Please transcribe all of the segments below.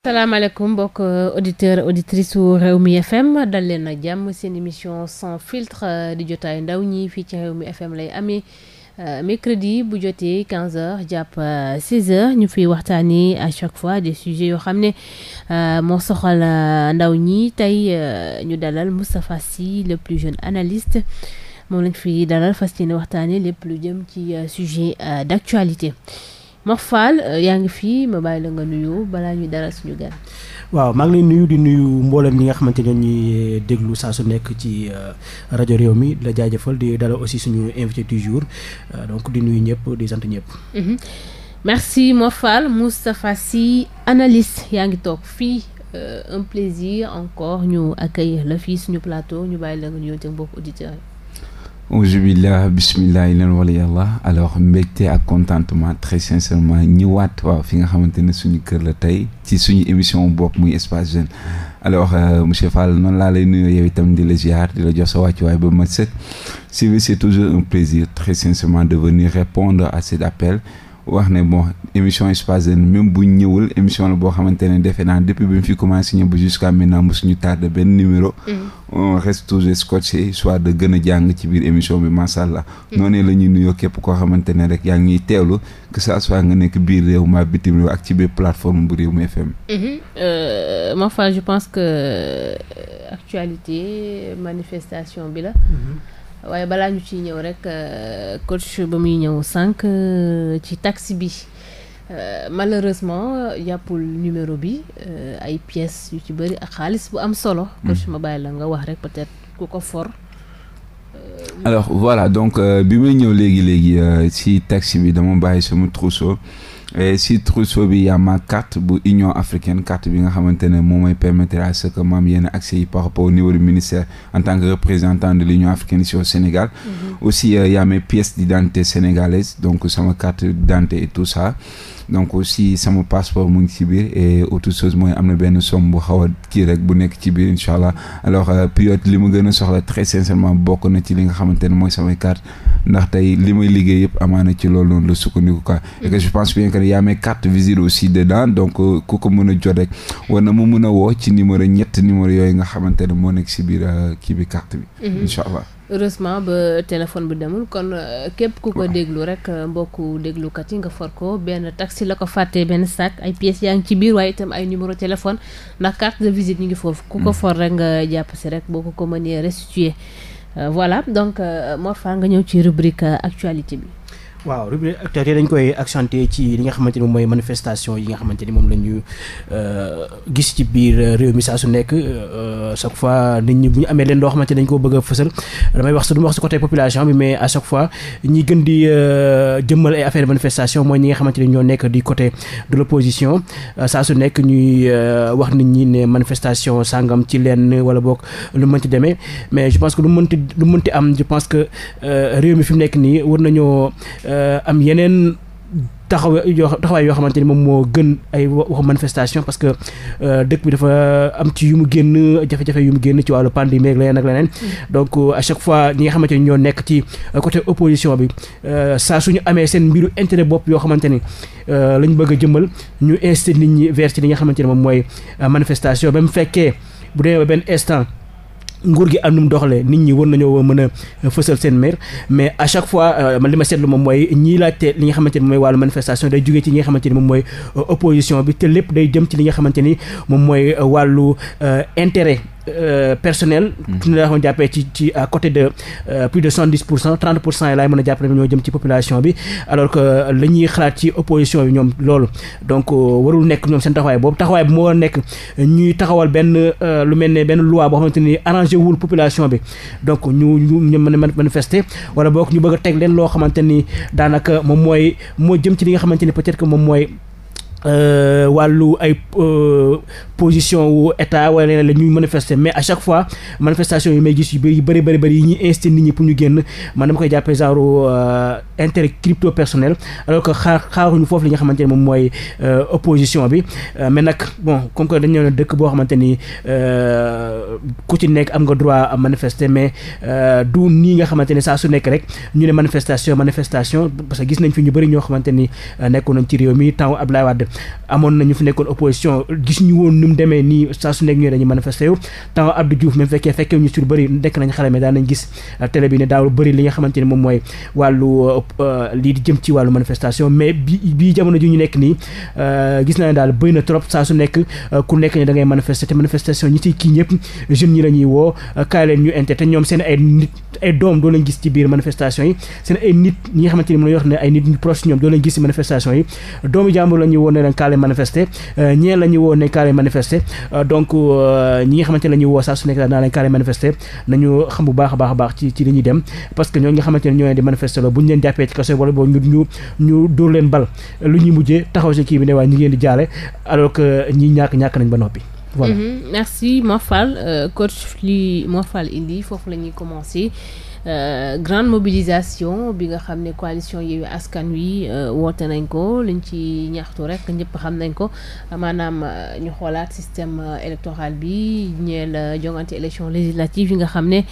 salaamaaleykum mbokk euh, auditeur auditrice wu réew mi fm dal leen na jàmm seen émission sans filtre euh, di jotaayu ndaw ñi fii ci réew mi fm lay amee euh, mercredi bu jotee 15 jàpp 16 heures ñu fi waxtaanee à chaque fois des sujets yoo xam ne moo soxal ndaw ñi tey ñu dalal Moustapha Sy le plus jeune analyste moom lañ fi dalal fas yéene waxtaanee lépp lu jëm ci sujet d'actualité Mor euh, yaa ngi fii ma bàyyi la nga nuyoo balaa ñuy dara suñu gan. waaw maa ngi lay nuyu di nuyu mboolem ñi nga xamante ne ñuy déglu saa su nekk ci euh, rajo réew mi la jaajëfal di dala aussi suñu invité du jour euh, donc di nuyu ñëpp di sant ñëpp. Mhm. merci Mor Fall Moustapha Sy analyste yaa ngi toog fii un plaisir encore ñu accueillir la fii suñu plateau ñu bàyyi la nga nuyoo ci mbokk auditeurs yi. auzubillah bismillah leen wala yàlla alors mbégte ak contentement très sincèrement ñëwaat waaw fi nga xamante ne suñu kër la tey ci suñu émission bopp muy espace jeune alors euh, monsieur Fall noonu laa lay nuyoo yow itam di la ziar di la jox sa wàccuwaay ba ma set si c'est toujours un plaisir très sincèrement de venir répondre à cet appel wax ne bon émission Espace Jeune même bu ñëwul émission la boo xamante ne defe naa depuis bi mu fi commencé ñëw ba jusqu'à maintenant mosuñu tardé benn numéro. Mm-hmm. on reste toujours soit de gën a jàng ci biir émission bi macha allah. Mm-hmm. noonu la ñuy nuyoo képp koo xamante ne rek yaa ngi ñuy teewlu que ça soit nga nekk biir réew ma bitim réew ak ci biir plateforme bu Rewmi FM. Mofa mm-hmm. euh, je pense que euh, actualité manifestation bi la. waaye balaa ñu ci ñëw rek euh, coach ba muy ñëw sànq ci taxi bi. Euh, malheureusement euh, yàppul numéro bi euh, ay pièces yu ci bëri xaalis bu am solo. Hmm. coach ma bàyyi la nga wax rek peut-être ku ko for. alors voilà donc bi may ñëw léegi léegi si taxi bi dama bàyyi sama trousseau e si trousseau bi y a carte bu Union africaine carte bi nga xamante ne moom mooy permettre à ce que ma am yenn accès yi par rapport au niveau du ministère en tant que représentant de l'Union africaine ici au Sénégal. Mhm. aussi euh, y a mes pièces donc sama carte d'identité et tout ça. donc aussi sama passeport mu ngi ci biir et autre chose mooy am na benn somme bu xaw a kii rek bu nekk ci biir incha allah alors euh, période li ma gën a soxla très sincèrement bokk na ci li nga xamante ne mooy samay carte ndax tey li may liggéey yëpp amaana ci loolu noonu la sukkandiku quoi et que je pense bien que y a mes cartes visite aussi dedans donc euh, ku ko mën a jot rek war na mu mën a woo ci numéro ñett numéro yooyu nga xamante ne moo nekk ci biir euh, kii bi carte bi mhm. incha allah heureusement ba téléphone bi demul kon euh, képp ku ko déglu rek euh, mbokku déglukat yi nga for ko benn taxi la ko fàttee benn sac ay pièces yaa ngi ci biir waaye itam ay numéro téléphone ndax carte de visite ñu ngi foofu ku ko mm. for rek nga jàpp si rek boo ko ko mënee restituer euh, voilà donc Mor nga ñëw ci rubrique actualité bi waaw rubrique actualité dañ koy accenté ci li nga xamante ni mooy manifestation yi xamante ni moom la ñu euh, gis ci biir euh, réew mi saa su nekk euh, chaque fois nit ñi bu ñu amee leen loo xamante dañ koo bëgg a fësal damay wax su du ma côté population bi mais à fois ñi gën di jëmmal ay affaire manifestation mooy ñi nga xamante ni ñoo nekk di côté de l'opposition saa su nekk ñuy wax nit ñi ne manifestation sàngam ci leen wala boog lu mënti demee mais je pense que lu mënti lu mënti am je pense que réew mi fi mu nekk nii war nañoo Euh, am yeneen taxaw taxawaay yoo xamante ni moom moo gën ay waxu manifestation parce que euh, dëkk bi dafa am ci yu mu génn jafe-jafe yu mu génn ci wàllu pandémie ak leneen ak leneen mm. donc euh, chaque fois ñi nga xamante ni ñoo nekk ci côté opposition bi saa ñu amee seen mbiru intérêt bopp yoo xamante ni lañ bëgg a jëmbal ñu inciter nit ñi vers ci li nga xamante ni moom mooy manifestation ba mu fekkee bu demee ba benn instant nguur gi am nu mu nit ñi war nañoo mën a fësal seen mer mais à chaque fois euh, man li ma seetlu moom mooy ñii laajte li nga xamante ni moom mooy wàllu manifestation day jógee ci li nga xamante ni moom mooy euh, opposition bi te lépp day jëm ci li nga xamante ni moom mooy euh, wàllu intérêt Euh, personnel. suñu mm. la waxoon jàppee ci ci coté côté de euh, plus de soixante dix pour cent trente pour cent yi laay mën a jàpp ne ñoo jëm ci population bi alors que li xalaat ci opposition bi ñoom loolu donc euh, warul nekk ñoom seen taxawaay boobu taxawaay bi moo war nekk ñuy taxawal benn lu mel ne benn loi boo xamante ni arrangé wul population bi donc ñu ñu mën a manifester wala boog ñu bëgg a teg leen loo xamante ni daanaka moom mooy moo jëm ci li nga xamante ni peut-être que moom mooy. Euh, wàllu ay euh, position wu état wala leneen la ñuy manifester mais à chaque fois manifestation yi may gis yu bëri bëri bëri bëri yi ñuy incité nit ñi pour ñu génn man dama koy jàppee genre euh, intérêt crypto personnel alors que xaar xaaruñu foofu li nga xamante ne moom mooy opposition bi mais nag bon comme que dañu ne dëkk boo xamante ni ku ci nekk am nga droit à manifester mais du nii nga xamante ne saa su nekk rek ñu ne manifestation manifestation parce que gis nañ fi ñu bëri ñoo xamante ni nekkoon nañ ci réew mi temps Abdoulaye Wade amoon na ñu fi nekkoon opposition gis ñu woon ni mu demee nii saa su nekk ñooy dañuy manifester temps Abdou euh, bi ne daaw bëri li euh, euh, ñu nekk nii gis naa ne daal bëri na trop saa su nekk ku nekk ne da ngay manifester te manifestation ñi ci kii ñëpp jeunes ñi la woo kaay leen ñu inte te ñoom seen ay nit ay doom doo leen gis ci biir manifestation yi seen ay nit ñi nga xamante ni mën a yor ne ay nit ñu proche ñoom doo leen gis ci manifestation yi doomu jàmbur la woon ne leen kaale manifester euh, ñee la ñu ne kaale manifester euh, donc euh, ñi nga xamante ne woo saa su nekk daal naa leen kaale manifester nañu xam bu baax a baax a baax ci li ñuy dem parce que ñoo nga xamante ne ñoo leen di manifester la bu ñu leen jàppee ci kaso wala boobu ñu ñu ñu dóor leen bal lu ñuy mujjee taxaw si kii bi ne waaye ñi ngeen di jaale alors que ñi ñàkk ñàkk nañ ba noppi mm-hmm. Euh, grande mobilisation bi nga xam ne coalition Yewwi Askan Wi euh, woote nañ ko liñ ci ñaxtu rek ñëpp xam nañ ko maanaam euh, ñu xoolaat système électoral bi ñeel jongante élection législative yi nga xam ne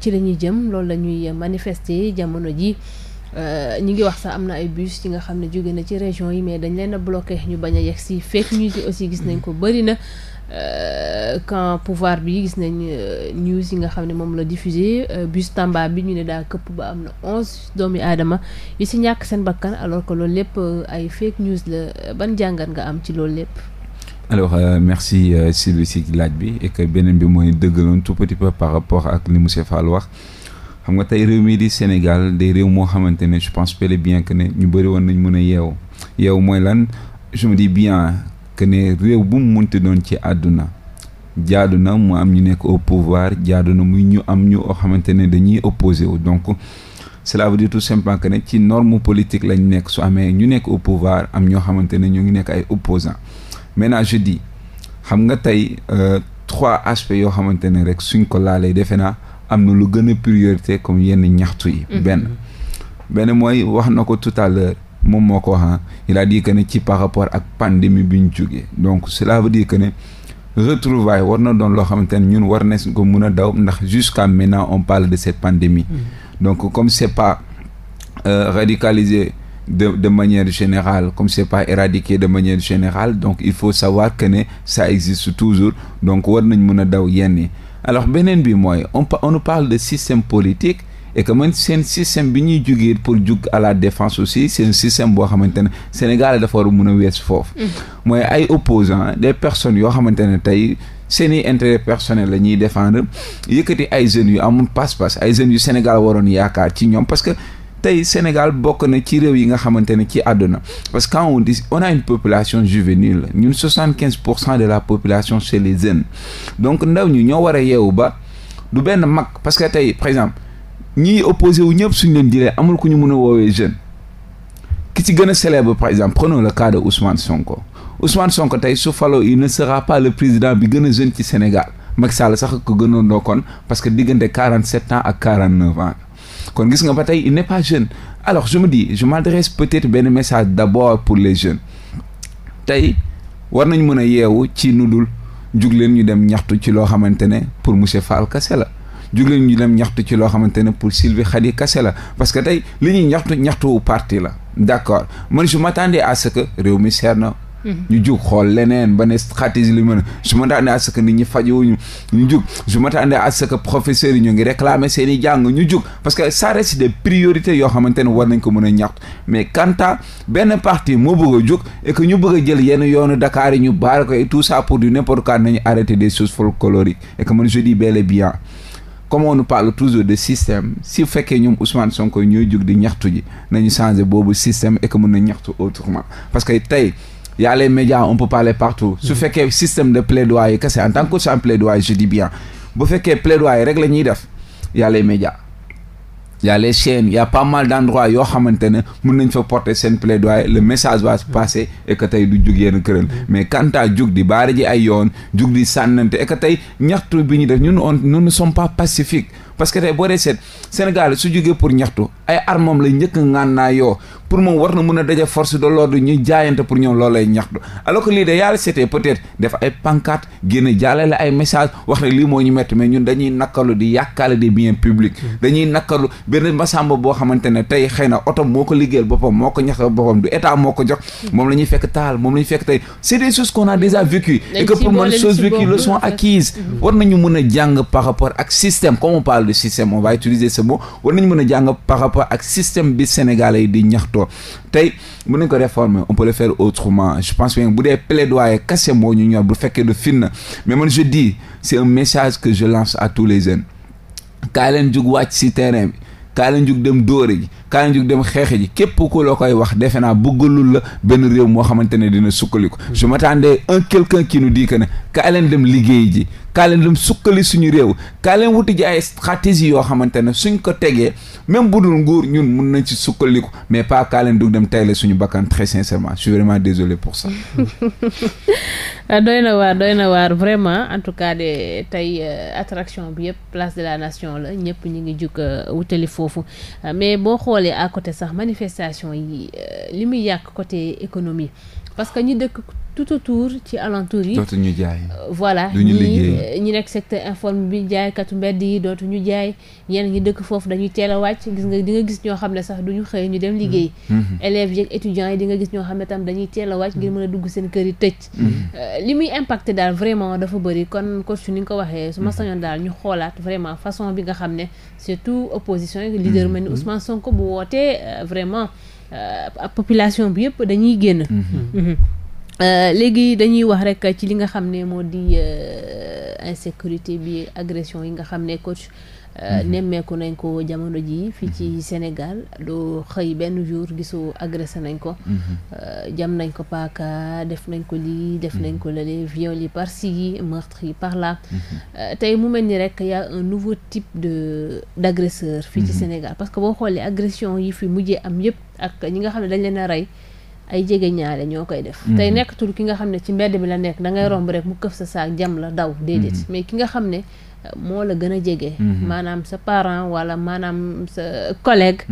ci la ñuy jëm loolu la ñuy manifester jamono ji ñi ngi wax sax am na ay bus yi nga xam ne jóge na ci région yi mais dañ leen a ñu bañ a yegg si fake news aussi gis nañ ko bëri na Euh, quand pouvoir bi gis nañ euh, news yi nga xam ne moom la diffusé euh, bus Tamba bi ñu ne daa këpp ba am na onze doomi aadama yi si ñàkk seen bakkan alors que loolu lépp ay fake news la ban jàngat nga am ci loolu lépp alors merci euh, laaj bi et beneen bi mooy dëggaloon tout petit peu par rapport ak li monsieur al wax xam nga tey réew mii di Sénégal day réew moo xamante ne je pense bel bien que ne ñu bëri woon nañu mën a yeew yeew mooy lan je me dis bien que ne réew bu mu munti doon ci àdduna jaadu na mu am ñu nekk au pouvoir jaadu na muy ñu am ñu oo xamante ne dañuy opposé wu donc cela veut dire tout simplement que ne ci norme politique lañ nekk su amee ñu nekk au pouvoir am ñoo xamante ne ñu ngi nekk ay opposants maintenant je dis xam nga tey euh, trois aspects yoo xamante ne rek suñ ko laalee defe naa am na lu gën a priorité comme yenn ñaxtu yi mm-hmm. benn benn mooy wax na ko tout à l'heure moom moo ko wax ah il a que ne ci par rapport ak pandémie bi ñu jógee donc cela veut dire que ne retrouvaille war na doon loo xamante ne ñun war na ko mën a daw ndax jusqu'à maintenant on parle de cette pandémie mmh. donc comme c'est pas euh, radicalisé de de manière générale comme c'est pas éradiqué de manière générale donc il faut savoir que ne ça existe toujours donc war nañ mun a daw yenn yi alors beneen bi mooy on on nous parle de système politique et que man seen système bi ñuy jugee pour jug à la défence aussi seen système boo xamante ne Sénégal dafa war a mun a weesu foofu. Mm-hmm. mooy ay opposants des personnes yoo xamante ne tey. seeni intérêt personnel la ñuy défendre yëkkati ay jeunes yu amul passe-passe ay jeunes yu Sénégal waroon yaakaar ci ñoom parce que tey Sénégal bokk na ci réew yi nga xamante ne ci àdduna parce que quand on dit on a une population juvénile ñun pour cent de la population c'est les jeunes donc ndaw ñu ñoo war a yeewu ba du benn mag parce que tey par exemple ñii opposé wu ñëpp suñ leen jilee amul ku ñu mën a woowee jeune ki si gën a ba par exemple prenons le cas de Ousmane Sonko Ousmane Sonko tey su faloo il ne sera pas le président bi gën a jeune ci Sénégal Macky Sall sax ko gënoon ndokkoon parce que diggante quarante sept ans ak quarante neuf ans kon gis nga ba tey il n'est pas jeune alors je me dis je peut-être benn message d'abord pour les jeunes tey war nañ mën a yeewu ci nu dul jug leen ñu dem ñaxtu ci loo xamante ne pour monsieur Fall kese la. jug ñu dem ñaxtu ci loo xamante ne pour Sylvie Khady kase la parce que tey li ñuy ñaxtu ñaxtuwu parti la d'accord man je m'attendais à ce que réew mi seer na mhm. ñu jug xool leneen ba ne stratégie li mën su je m'attendais à que nit ñi fajowuñu ñu jug je m'attendais à ce que professeurs yi ñu ngi réclamer seen i jàng ñu jug parce que ça reste des priorités yoo xamante ne war nañ ko mën a ñaxtu mais quant benn parti moo bëgg jug et que ñu bëgg jël yenn yoonu Dakar ñu baare ko et tout ça nañu arrêter des choses folkloriques et que man je comme on nous parle toujours de système si fekkee ñoom Ousmane Sonko ñooy jug di ñaxtu ji nañu changer boobu système et que na ñaxtu autrement parce que tey y a les médias on peut parler partout su mm-hmm. fekkee système de plaidoyer kese en tant que coach en plaidoyer je dis bien bu fekkee plaidoyer rek la ñuy def y a les y a les chaînes y a pas mal d'endroits yoo xamante ne mun nañ fa porter seen plaidoyer le message va passer et tey du jug yenn këral mais kanta à jug di baari ji ay yoon jug di sànnante et que tey ñaxtu bi ñu def ñun on nous ne sommes pas pacifiques parce que tey boo dee seet Sénégal su jógee pour ñaxtu ay armam la njëkk ngaan naa yoo pour moom war na mun a daje force de l'ordre ñu jaayante pour ñoom loolu lay ñaxtu alors que lii de yàlla c'était peut-être def ay pancarte génn jaale la ay message wax ne lii moo ñu metti mais ñun dañuy nakkalu di yàkkaale des biens publics mm. dañuy nakkalu benn masamba boo xamante ne tey xëy na oto moo ko liggéeyal boppam moo ko ñax boppam du moo ko jox mm. moom la ñuy fekk taal moom la ñuy fekk tey c'est des choses pour man choses vécues leçons mun mm-hmm. jàng par rapport ak système comme on parle de système on va utiliser ce mot war nañ mën a jàng par rapport ak système bi Sénégalais yi di ñaxtoo tey mën nañ ko réformer on peut le faire autrement je pense bien bu dee plaidoyer ñor bu fekkee du fin na mais man je dis c'est un message que je lance à tous les jeunes kaay leen jug wàcc si terrain bi kaay leen jug dem dóore ji kaay leen jug dem xeexe ji képp ku la koy wax defe naa bëggalul la benn réew moo xamante ne dina sukkandiku. je m'attendais un quelqu'un qui nous dit que ji kaa leen dem sukkali suñu réew kaa leen wuti ji ay stratégie yoo xamante ne suñ ko tegee même bu dul nguur ñun mun nañ ci sukkaliku mais pas kaa leen dug dem tayle suñu bakkan très sincèrement je suis vraiment désolé pour ça. doy na waar doy na waar vraiment en tout cas de tey euh, attraction bi yëpp place de la nation la ñëpp ñu ngi jukk euh, wutali foofu euh, mais boo xoolee à côté sax manifestation yi li muy yàq côté économie. parce que ñi dëkk tout autour ci alentour yi. dootuñu jaay. Euh, voilà ñi ñi nekk secteur bi jaay katu yi dootuñu jaay ñenn ñi dëkk foofu dañuy teel a wàcc gis nga di gis ñoo xam ne sax duñu xëy ñu dem liggéey. Mm-hmm. Mm-hmm. élèves yeeg étudiants yi di nga gis ñoo xam ne tam dañuy teel wàcc ngir mën a dugg seen kër yi tëj. Mm-hmm. Euh, li muy impacté daal vraiment dafa bëri kon coach ni nga ko waxee su ma sañoon daal ñu xoolaat vraiment façon bi nga xam ne surtout opposition yi leader mel ni Ousmane Sonko bu wootee euh, vraiment. Euh, population bi yëpp dañuy génn mm-hmm. Mm-hmm. Euh, léegi dañuy wax rek ci li nga xam ne moo di euh, insécurité bi agression yi nga xam ne coach mm-hmm. nemmeeku nañ ko jamono ji fii ci Sénégal doo xëy benn jour gisoo agressé nañ ko jam nañ ko paaka def nañ ko lii def nañ ko lële viol yi par ci yi meurtre yi par là tey mu mel ni rek y a un de d' agresseur fii ci Sénégal parce que boo xoolee agression yi fi mujjee am yëpp ak ñi nga xam ne dañ leen a rey ay jege ñaale ñoo koy def mm-hmm. tey nekkatul ki nga xam ne ci mbedd bi la nekk da ngay romb rek mu këf sa saak jam la daw déedéet mm-hmm. mais ki nga xam ne moo la gën a jege mm-hmm. maanaam sa parent wala maanaam sa collègue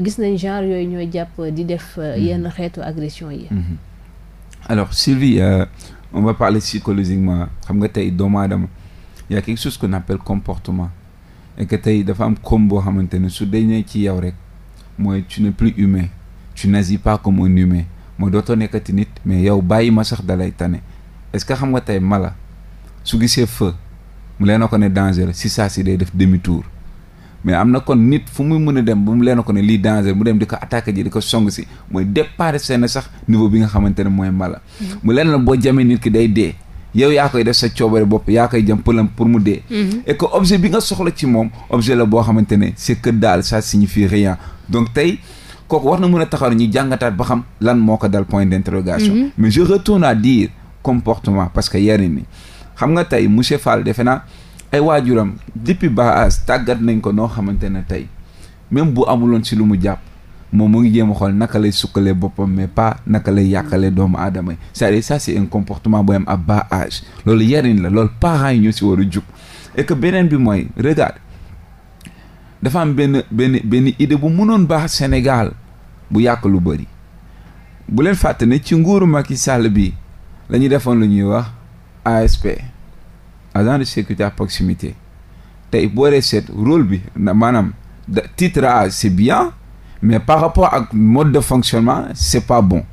gis nañ genre yooyu ñooy jàpp di def euh, yenn xeetu agression yi alors Sylvie euh, on va parler psychologiquement xam nga tey doomu aadama y a quelque chose qu'on comportement et tey dafa am comme boo xamante ne su dañ ci yow rek mooy tu n'es plus humain tu n'agis pas comme un humain mooy dootoo nekkati nit mais yow bàyyi ma sax dalay tane est-ce que xam nga tey mala su gisee feu mu leen ko ne danger si saa si day def demi tour mais am na kon nit fu muy mën a dem ba mu leen a ko ne lii danger mu dem di ko attaqué ji di ko song si mooy départ seen sax niveau bi nga xamante ne mooy mala mm-hmm. mu leen la boo jamee nit ki day dee yow yaa koy def sa coobare bopp yaa koy jëm pëlam pour mu dee mm-hmm. et que bi nga soxla ci moom objet la boo xamante ne c'est que daal ça signifie rien donc tey kooku war na mën a taxaw ñu jàngataat ba xam lan moo ko dal point d'interrogation mm -hmm. mais je naa à comportement parce que yarin ni xam nga tey monsieur Fall defe naa ay waajuram depuis bas âge tàggat nañ ko noo xamante ne tey même bu amuloon si lu mu jàpp moom mu ngi jéem a xool naka lay sukkalee boppam mais pas naka lay yàqalee doomu aadama yi c'est-à-dire comportement boo am ab bas age loolu yarin la loolu parents yi ñoo si war a jub et beneen bi mooy regarde dafa benn benn benn idée bu munoon baax Sénégal bu yàq lu bëri bu leen fàtte ne ci nguuru Macky Sall bi la ñu defoon lu ñuy wax sp agent de sécurité à proximité tey boo dee seet rôle bi maanaam titre A c'est bien mais par rapport ak mode de fonctionnement c'est pas bon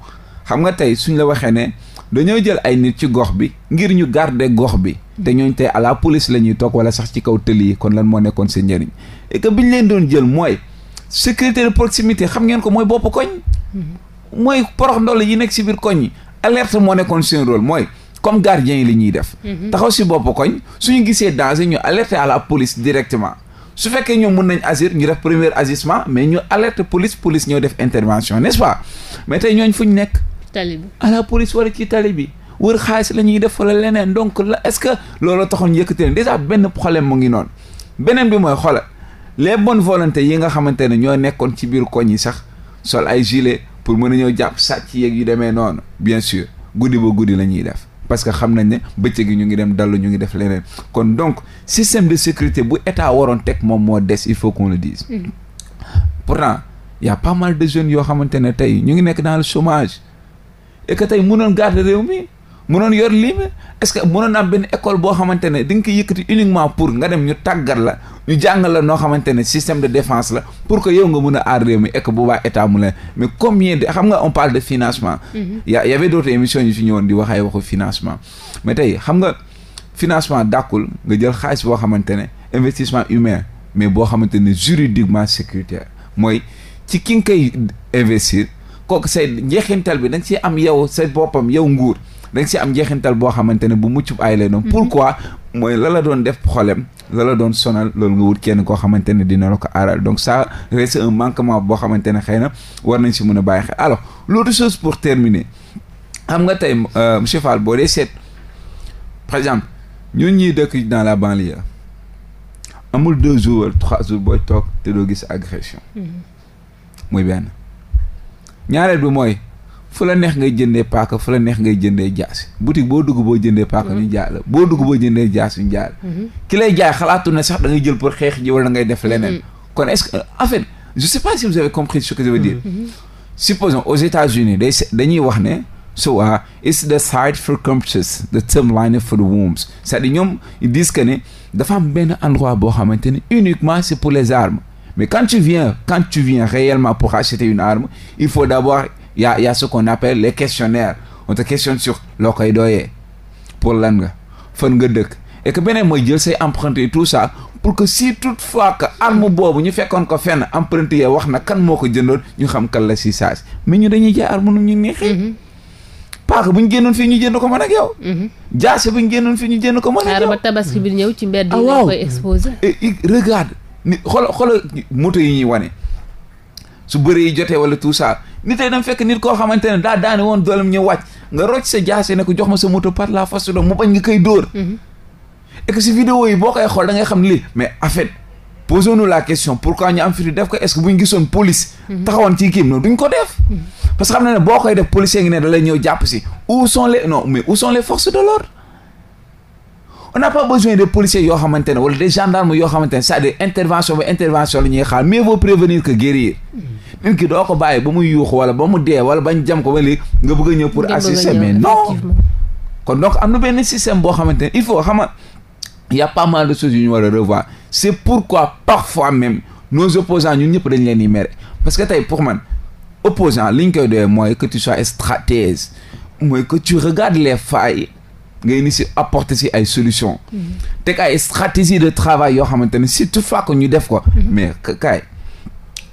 xam nga tey suñ la waxee ne dañoo jël ay nit ci gox bi ngir ñu garder gox bi te mm-hmm. tey à la police la ñuy toog wala sax ci kaw tëli kon lan moo nekkoon seen njëriñ et que bi ñu leen doon jël mooy sécurité de xam ngeen ko mooy bopp koñ mm-hmm. mooy porox ndoll yi nekk si biir koñ yi alerte moo nekkoon seen rôle mooy comme gardien yi li ñuy def mm-hmm. taxaw si bopp koñ suñu gisee danger ñu alerter à la directement su fekkee ñoom mun nañ agir ñu def premier agissement mais ñu alerte police police ñoo def intervention n'est-ce pas tey ñooñ fu ñu nekk tali bi à la police ci tali bi wër xaalis la ñuy def wala leneen donc la est-ce que looloo taxoon ñu yëkkati leen déjà benn problème mu ngi noonu beneen bi mooy xoolal les bonnes volontés yi nga xamante ne ñoo nekkoon ci biir koñ yi sax sol ay gilet pour mën a ñëw jàpp sàcc yeeg yu demee noonu bien sûr guddi ba guddi la ñuy def parce que xam nañ ne bëccëg gi ñu ngi dem dallu ñu ngi def leneen kon donc système de sécurité bu état waroon teg moom moo des il faut qu'on le dise. Mm. pourtant y a de jeunes yoo xamante ne tey ñu ngi nekk dans le chômage. et tey mënoon garde réew mi mënoon yor lii mi est-ce que mënoon am benn école boo xamante ne di nga ko yëkkati uniquement pour nga dem ñu tàggat la ñu jàng la noo xamante ne système de défence la pour que yow nga mën a aar réew mi et boobaa état mu la mais combien de xam nga on parle de financement. Mm-hmm. y' a y' avait d' autres émissions yu fi ñëwoon di wax waxu financement mais tey xam nga financement dàkkul nga jël xaalis boo xamante ne investissement humain mais boo xamante ne juridiquement sécuritaire mooy ci ki nga koy investir. kooku say njeexintal bi da si am yow sa boppam yow nguur da si am njeexintal boo xamante ne bu mucc ay lay doon mhm. pourquoi mooy la la doon def problème la la doon sonal loolu nga wut kenn koo xamante ne dina la ko aaral donc ça reste un manquement boo xamante ne xëy na war nañ si mun a bàyyi xel alors loolu chose pour terminer xam nga tey euh, monsieur Fall boo dee seet par exemple ñun ñuy dëkk dans la banlieue amul deux jours wala trois jours booy toog te doo gis agression mhm. muy ñaareel bi mooy fu la neex ngay jëndee paaka fu neex ngay jëndee jaasi boutique boo duguboo boo jëndee paaka mm-hmm. ñu jaay la boo dugg boo jëndee jaas ñu jaay la mm-hmm. ki lay jaay xalaatu ne sax da ngay jël pour xeex ji wala ngay def leneen mm-hmm. kon est-ce que en fait je sais pas si vous avez compris ce que je veux dire États-Unis day dañuy wax ne so uh, it's the side for comptures the term line for the wombs c'est-à-dire ñoom ils dafa am benn endroit boo xamante ne uniquement c'est pour les armes Mais quand tu viens, quand tu viens réellement pour acheter une arme, il faut d'abord, il y a, y a, ce qu'on appelle les questionnaires. On te questionne sur l'okoïdoye, pour l'angle, fengedek. Et que ben moi je tout ça pour que si toutefois que arme bobu ñu fekkon ko fenn emprunté ya wax na kan moo moko jëndon ñu xam kan la ci sas mais ñu dañuy jaay arme ñu nexé mm-hmm. paaka bu ñu génnoon fii ñu jënd ko man ak yow. Mm-hmm. jaase bu ñu génnoon fii ñu jënd ko man ak yow. xaaral ba ñëw ci mbedd nit xool moto yi ñuy wane su bëree yi jotee wala tout ça nit ay dem fekk nit koo xamante ne daa daane woon doolam ñu wàcc nga rocc sa jaase ne ko jox ma sa moto par la force mu bañ nga koy dóor. Mhm. et que si vidéo yi boo koy xool da ngay xam lii mais en fait posons-nous la question pourquoi ñu am fi def ko est-ce que bu ñu gisoon police. Mhm. taxawoon ci kii non duñ ko def. Mhm. parce que xam na ne boo koy def policier ngi ne da lay ñëw jàpp si où sont mais où sont les on n'a pas besoin de policiers yoo xamante ne wala des gendarmes yoo xamante ne c'est-à-dire intervention ba intervention la ñuy xaar mieux vaut prévenir que guérir même ki doo ko bàyyi ba mu yuux wala ba mu dee wala bañ jam ko ba léegi nga bëgg a ñëw pour assister mais non kon donc am na benn système boo xamante ne il faut xama y a pas mal de choses yu ñu war a revoir c'est pourquoi parfois même nos opposants ñun ñëpp dañ leen di mere parce que tey pour man opposant li ñu koy doyee mooy que tu sois stratège mooy que tu regardes les failles nga indi si apporter si ay solution teg ay stratégie de travail yoo xamante ne surtout fàkk ñu def ko mhm. mais kaay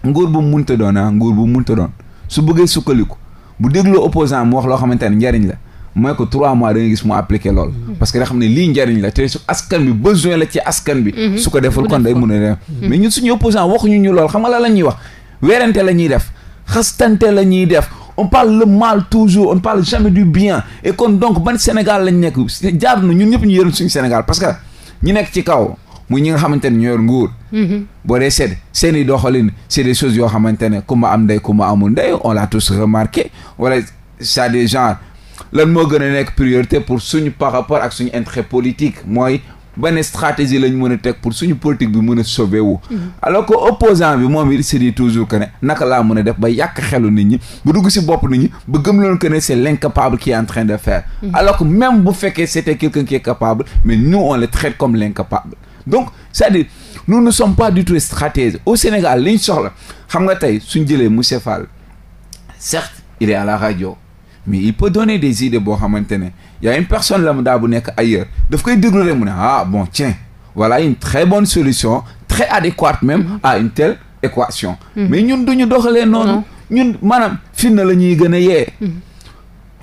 nguur bu munta doon ah nguur bu munta doon su bëggee sukkaliku bu déglu opposant mu wax loo xamante ne njariñ la mooy que trois mois da nga lool. Mhm. parce que da ne lii njariñ la te su askan bi besoin la ci askan bi mhm. su ko deful kon day mun a def mais ñun suñu opposant waxuñu ñu lool xam la la ñuy wax weerante la ñuy def xastante la ñuy on parle le mal toujours on ne parle jamais du bien et kon donc ban Sénégal lañ nekk jaar na ñun ñëpp ñu yërëm suñu Sénégal parce que ñu nekk ci kaw muy ñi nga xamante ne ñoo yor nguur. Mhm. boo dee seet seen c'est des choses yoo xamante ne ku ma am ndey ku ma amul ndey on l'a tous remarqué wala ça des gens lan moo gën a nekk priorité pour suñu par rapport ak suñu intérêt politique mooy benn stratégie lañ mën a teg pour suñu politique bi mën a sauver wu. alors que opposant bi moom il se dit toujours que naka laa mën a def ba yàq xelu nit ñi bu dugg si bopp nit ñi ba gëm loon que ne c' est l' incapable qui est de faire. Mm-hmm. alors que même bu fekkee c' était quelqu'un qui est capable mais nous on le traite comme l' incapable donc c' est à dire nous ne sommes pas du tout stratèges au Sénégal liñ soxla xam nga tey suñ jëlee monsieur Fall certes il est à la radio mais il peut donner des idées boo xamante ne. y a une personne là mu daa bu nekk ailleurs daf koy déglu rek mu ne ah bon tiens voilà une très bonne solution très adéquate même mm-hmm. à une telle équation mm-hmm. mais ñun duñu doxalee noonu ñun maanaam fitna la ñuy gën a yee mm-hmm.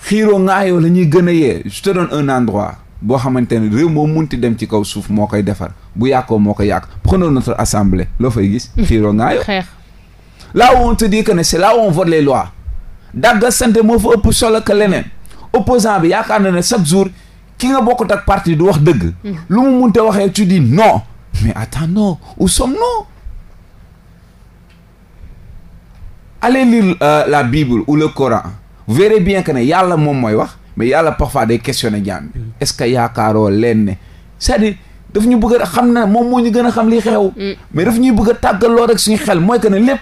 xiiroo ngaayoo la ñu gën a yee je te un endroit boo xamante ne moom moo munti dem ci kaw suuf moo koy defar bu yàqoo moo ko yàq prenons notre assemblée loo fay gis xiiroo ngaayoo là où on te dit que ne c'est là où on vote les sante moo fa ëpp solo que leneen opposant bi yaakaar na ne chaque jour ki nga bokkut ak parti du wax dëgg. lu mu munte waxee tu dis non. mais attends noo où sommes-nous allez lire euh, la Bible ou le Coran vous verrez bien que ne yàlla moom mooy wax mais yàlla parfois day questionner jaam bi mm. est-ce que yaakaaroo leen ne c'est-à-dire ñu bëgg a xam na moom moo ñu gën a xam li xew. Mm. mais daf ñuy bëgg a tàggaloo rek suñu xel mooy que ne lépp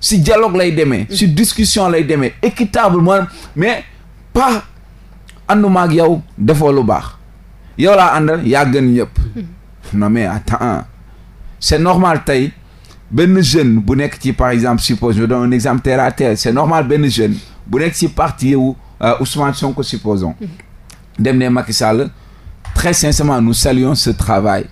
si dialogue lay demee. si mm. discussion lay demee équitable maanaam mais pas. ànduma ak yow defoo lu baax yow laa àndal yaa gën ñëpp hmm. non mais attends c'est normal tey benn jeune bu nekk ci par exemple suppose je donne un exemple terre à terre c'est normal benn jeune bu nekk ci parti yow euh, Ousmane Sonko supposons hmm. dem ne Macky Sall très sincèrement nous saluons ce travail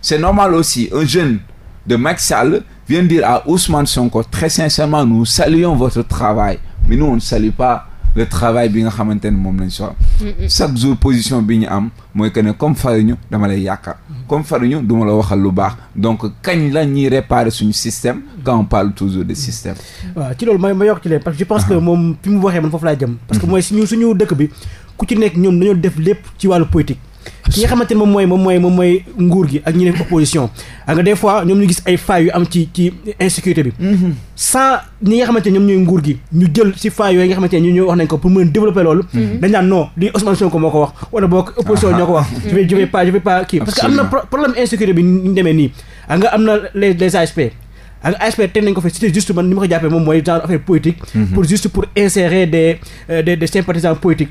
c'est normal aussi un jeune de mac Sall vient dire à Ousmane Sonko très sincèrement nous saluons votre travail mais nous on ne salue pas le travail bi nga xamante ne moom lañ soxla chaque jour position bi ñu am mooy que ne comme faruñu dama lay yàqal comme faruñu du ma la waxal lu baax donc kañ la ñuy réparer suñu système quand on parle toujours de système waaw ci loolu may ma yokk ci leen parce que je pense que ah. moom fi mu waxee man foofu laa jëm parce mm-hmm. mooy suñu suñu dëkk bi ku ci nekk ñoom dañoo def lépp ci wàllu politique ki nga xamante ne moom mooy moom mooy nguur gi ak ñi nekk opposition ak nga des ñoom ñu gis ay failles am ci insécurité bi mhm. sans ñi nga ñoom ñooy nguur gi ñu jël si failles yooyu ñu ñoo wax nañ pour mën développer loolu mhm. dañ naan non li Ousmane Sonko moo ko wax wala boo ah. opposition ñoo ko wax je vais je vais kii parce que am na problème insécurité bi ñu demee nii ak nga am na les les ak AFP teg nañ ko fi c'était juste man ni ma ko jàppee moom mooy genre affaire politique. Mhm. pour juste pour insérer des euh, des des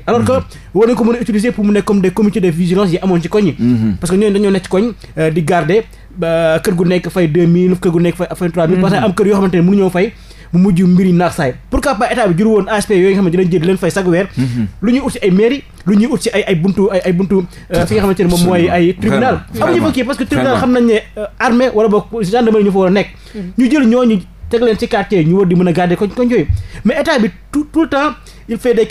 alors que mhm. war ko mën a utiliser pour mu nekk comme des comités de vigilance yi amoon ci koñ yi. Mhm. parce que ñooñu dañoo nekk ci koñ euh, di euh, kër gu nekk fay 2000 kër parce que am kër yoo xamante ne mënuñoo fay. bu mujj mbiri naax saay pourquoi pas état bi jur woon ASP yooyu nga xam ne dinañ jël leen fay chaque weer mhm. lu ñuy ut si ay mairie lu ñuy ut si ay buntu euh, fi nga xamante ne moom mooy ay tribunal xam nañ ne euh, mhm. jël ñooñu teg leen ci quartier a garder koñ bi tout tout le temps il fait des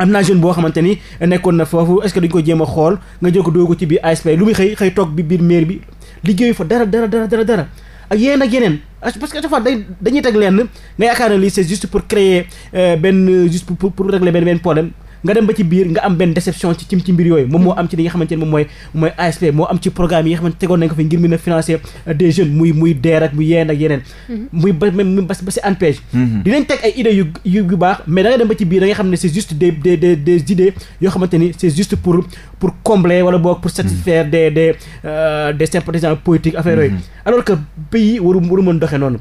am naa jeune boo xamante ni nekkoon na foofu est-ce ko jéem a xool nga jël ko dugg ko ci biir ASP lu muy xëy xëy toog bi biir maire bi liggéeyu fa dara dara dara dara dara ak yeneen ak yeneen ah, parce que à chaque fois day dañuy teg lenn nga yaakaar ne lii c'est juste pour créer euh, benn juste pour pour régler benn benn problème nga dem ba ci biir nga am benn déception ci ci mbir yooyu moom moo am ci li nga xamante ne moom mooy mooy moo am ci programme yi nga xamante tegoon nañ ko fi a financer euh, des jeunes muy muy DER ak mhm. mhm. ay idées yu yu nga dem ba ci biir xam ne c'est juste des pour pour combler wala boog pour satisfaire mhm. des des euh, des sympathisants politiques affaire yooyu alors que pays waru waru noonu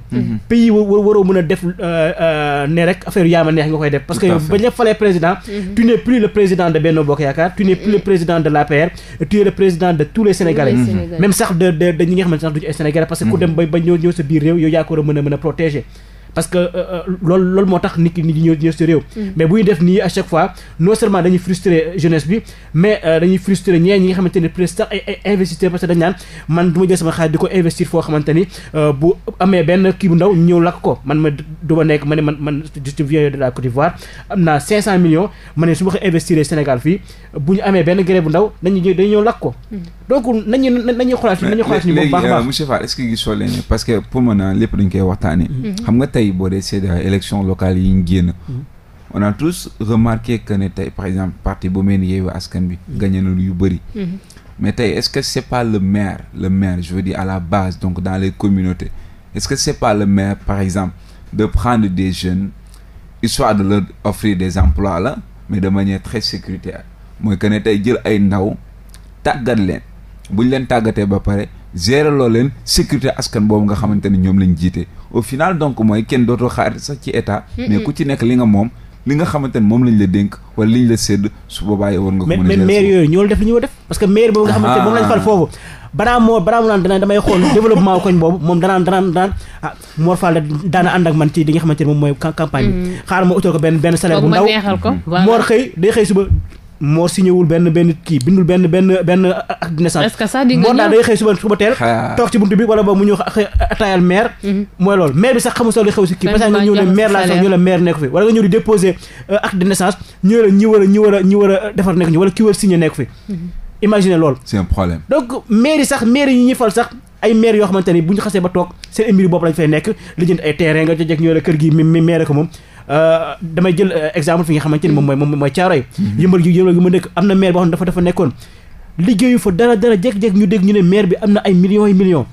pays waroo mën a def euh, ne rek affaire yu yaa ma neex nga koy def parce que bañ la falee président n'es plus le président de Benno Bokk Yaakaar tu n'es plus le président de l'APR tu es le président de tous les Sénégalais même sax de de ñi nga xamante sax du ñu ay Sénégalais parce que ku mm-hmm. dem ba ba ñëw ñëw sa biir réew yow yaa a mën a mën a protéger parce que loolu euh, euh, loolu moo tax nit ki nit ñi ñëw si réew. Mm. mais bu ñu def nii à chaque fois non seulement dañuy frustré jeunesse bi mais euh, dañuy frustré ñeneen ñi nga xamante ne presque sax ay ay investisseurs dañ naan ma jël sama xaalis di ko ni bu amee benn kii bu ndaw ñëw lakk ko man ma du ma nekk ma ne man man juste vieux de la Côte d'Ivoire am naa 500 millions ma ne su ma ko investir Sénégal fii bu ñu amee benn grève bu ndaw nañu ñëw dañu ñëw lakk ko. Mm. donc nañu nañu xoolaat nañu xoolaat ñu. bu baax a baax léegi monsieur Fall est que gisoo parce que pour man lépp dañ koy waxtaanee. Mm-hmm. tey boo dee seede élection locale yi ñu génn. Mm-hmm. on a tous remarqué que ne tey par exemple parti bu mel ni Yewwi Askan Wi. Mm-hmm. gagné na yu bëri. Mm-hmm. mais tey est-ce que c'est pas le maire le maire je veux dire à la base donc dans les communautés est-ce que c'est pas le maire par exemple de prendre des jeunes histoire de leur offrir des emplois là mais de manière très sécuritaire mooy que ne tay jël ay ndaw tàggat leen bu ñu leen tàggatee ba pare. gérer loo leen sécurité askan boobu nga xamante ne ñoom lañ jiite au final donc mooy kenn dootoo xaar sax ci état mais ku ci nekk li nga moom li nga xamante moom lañ la dénk wala liñ la sédd su boobaa war nga ko mën a mais maire yooyu ñoo moom lañ fal ah. foofu banaa moo banaa mu naan danaa damay xool développement koñ boobu moom danaan danaan ah, moom mooy campagne bi mm-hmm. xaaral ma utal ko benn benn salaire bu ndaw mm-hmm. Mor xëy day xëy suba moo signéwul benn benn kii bindul benn benn benn acte de naissance. est-ce que sax di nga ñëw day xëy suba suba teel. toog ci buntu bi wala boobu mu ñëw xëy ataayal maire. Mhm. mooy loolu maire bi sax xamul sax li xew si kii. parce que nga ñëw euh, ne maire laa sax ñu la ñëw la ñi war a ñi war a ñu wala ki war signé nekk fi. Mhm. imaginez lool c'est un problème. donc maire yi sax maire yi ñuy fal sax. ay maire yoo xamante bu ñu xasee ba toog seen mbir bopp lañ fay nekk lijjanti ay terrain nga jëjëk ñoo la kër gi mi maire ko moom Euh, damay jël euh, exemple fi nga xamante moom mooy moom mooy mhm. yëmbal yëmbal xam ne dafa dafa nekkoon liggéeyu fa dara dara jekk-jekk ñu dégg ñu ne maire bi am na ay millions yi millions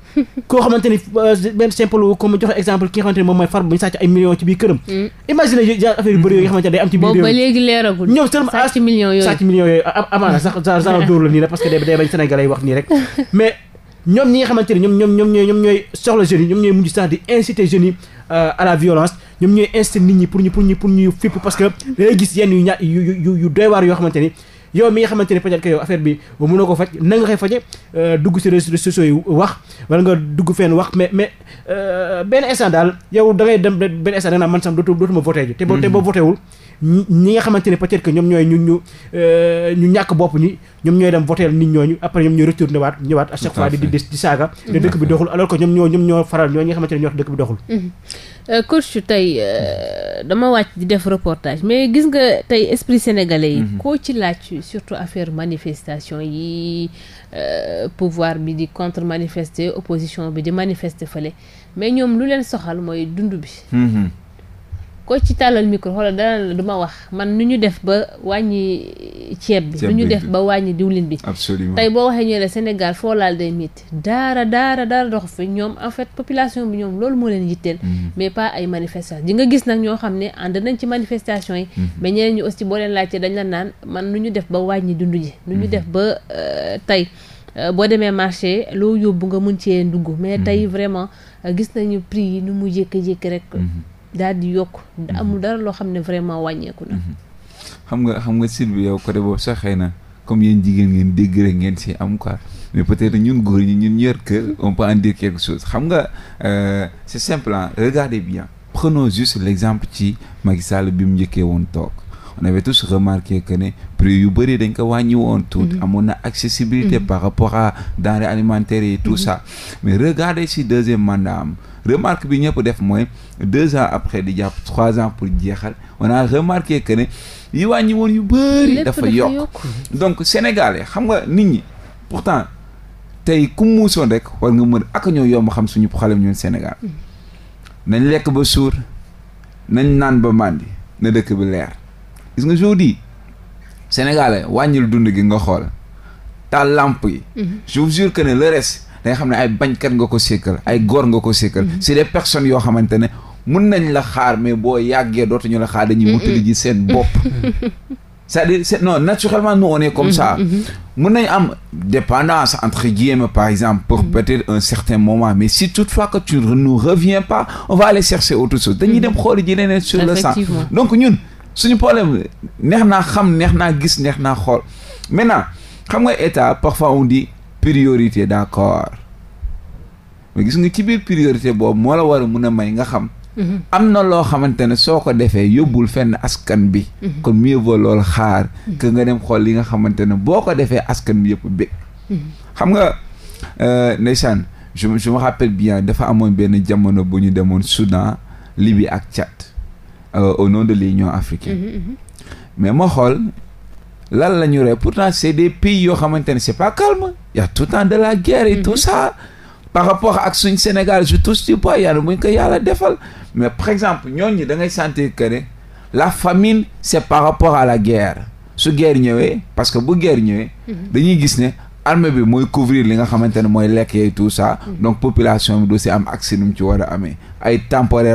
koo xamante ni euh, benn simple comme joxe exemple ki nga xamante moom mooy far bu ñu sàcc ay million ci biir këram. Mm. imagine genre affaire yu bëri yooyu nga mm. xamante day am ci biir réew. boobu ba léegi leeragul. ñoom seulement sàcc millions yooyu sàcc yooyu amaana sax genre dóor la nii la parce que ñoom ñi nga xamante ni ñoom ñoom ñoom ñooy ñoom ñooy soxla jeunes yi ñoom ñooy mujj sax di inciter jeunes yi euh, à la violence ñoom ñooy inciter nit ñi pour ñu pour ñu fipp parce que da ngay gis yenn yu doy waar yoo xamante ni yow mi nga xamante ni peut-être yow affaire bi mënoo ko faj na nga koy faje euh, dugg ci réseaux sociaux yi wax wala nga dugg fenn wax mais mais euh, benn instant daal yow da dem benn instant da nga naan man sam dootu dootuma voté ji te boo te mhm. boo ñi nga xamante ne peut-être ñoom ñooy ñu ñu euh, ñu ñàkk bopp ñi ñoom ñooy dem voté nit ñooñu après ñoom ñooy retourné waat ñëwaat à chaque fois di di di saaga ne dëkk bi doxul alors que ñoom ñoo ñoom ñoo faral ñoo ñi xamante ne ñoo dëkk su euh, tey euh, dama wàcc di def reportage mais gis nga tey esprit sénégalais yi. Mhm. koo ci laaj surtout affaire manifestation yi euh, pouvoir bi di contre manifester opposition bi di manifester fële mais ñoom lu leen soxal mooy dund bi. Mhm. ko ci tàllal micro xoolal dana la du ma wax man nu ñu def ba wàññi ceeb bi nu ñu def ba wàññi diwlin bi absolument boo waxee ñu ne Sénégal foo laal day métti daara daara daara dox fi ñoom en fait population bi ñoom loolu moo leen yitteel mm-hmm. mais pas ay manifestation di nga gis nag ñoo xam ne ànd nañ ci manifestation yi mm-hmm. mais ñeneen ñu aussi boo leen laajtee dañ la naan man nu ñu def ba wàññi dundu ji nu ñu mm-hmm. def ba euh, tey euh, boo demee marché loo yóbbu nga mun cee ndugg mais tey vraiment euh, gis nañu prix yi nu mu jékki-jékki rek daal di yokk mhm. amul dara loo xam ne vraiment wàññeeku na mhm. xam nga xam nga Sylvie yow côté boobu sax xëy na comme yéen jigéen ngeen dégg rek ngeen si am quoi mais peut-être ñun góor ñi ñun ñor kër on peut en dire quelque chose xam nga euh, c'est simple regardez bien prenons juste l'exemple ci Macky Sall bi mu njëkkee woon toog na avait tous remarqué que ne prix yu bëri dañ ko wàññi woon mhm. tout amoon na accessibilité mhm. par rapport à denrées alimentaires yi tout mhm. ça mais regardez si deuxième mandat am remarque bi ñëpp def mooy deux ans après di jàpp trois ans pour jeexal on a remarqué que yi wàññi woon yu bëri dafa yokk donc sénégalais xam nga nit ñi pourtant tey ku muusoon rek war nga mën ak ñoo yomb xam suñu problème ñun Sénégal nañ lekk ba suur nañ naan ba màndi na dëkk bi leer gis nga jour sénégalais wàññil dund gi nga xool taal lamp yi. Mhm. jour vous jure que ne le reste da xam ne ay bañkat nga ko sékkal ay góor nga ko sékkal. Mhm. c'est des personne yoo xamante ne mun nañ la xaar mais boo yàggee dootuñu la xaar dañuy mhm. wutali ji seen bopp. c'est-à-dire c'est non naturellement nous on comme ça. mun nañ am dépendance entre guillemets par exemple pour peut-être un certain moment mais si toutefois que tu ne nous reviens pas on va aller chercher autre chose dañuy dem xool ji leneen sur le sang suñu problème neex naa xam neex naa gis neex naa xool maintenant xam nga état parfois on dit priorité d'accord gis nga ci biir priorité boobu moo la war a mun a may nga xam mhm. am na loo xamante ne soo ko defee yóbbul fenn askan bi mhm. kon mieux vaut loolu xaar mhm. que nga dem xool li nga xamante ne boo ko defee askan bi yëpp bég xam nga euh, ndeysaan je je me rappelle bien dafa amoon benn jamono bu ñu demoon Soudan libi ak cat Euh, au nom de l'Union africaine mhm, mhm. mais ma xool lan la ñu ree pourtant c'est des pays yoo xamante ne c'est pas calme y a tout temps de la guerre et mhm. tout ça par rapport ak suñ Sénégal je touche du bois yàlla bu ñu ko yàlla defal mais par exemple ñooñu da ngay sentir que la famine c'est par rapport à la guerre su guerre ñëwee parce que bu guerre ñëwee dañuy gis ne armée bi mooy couvrir li nga xamante ne mooy lekk tout ça donc population du si am accès nu mu ci war a amee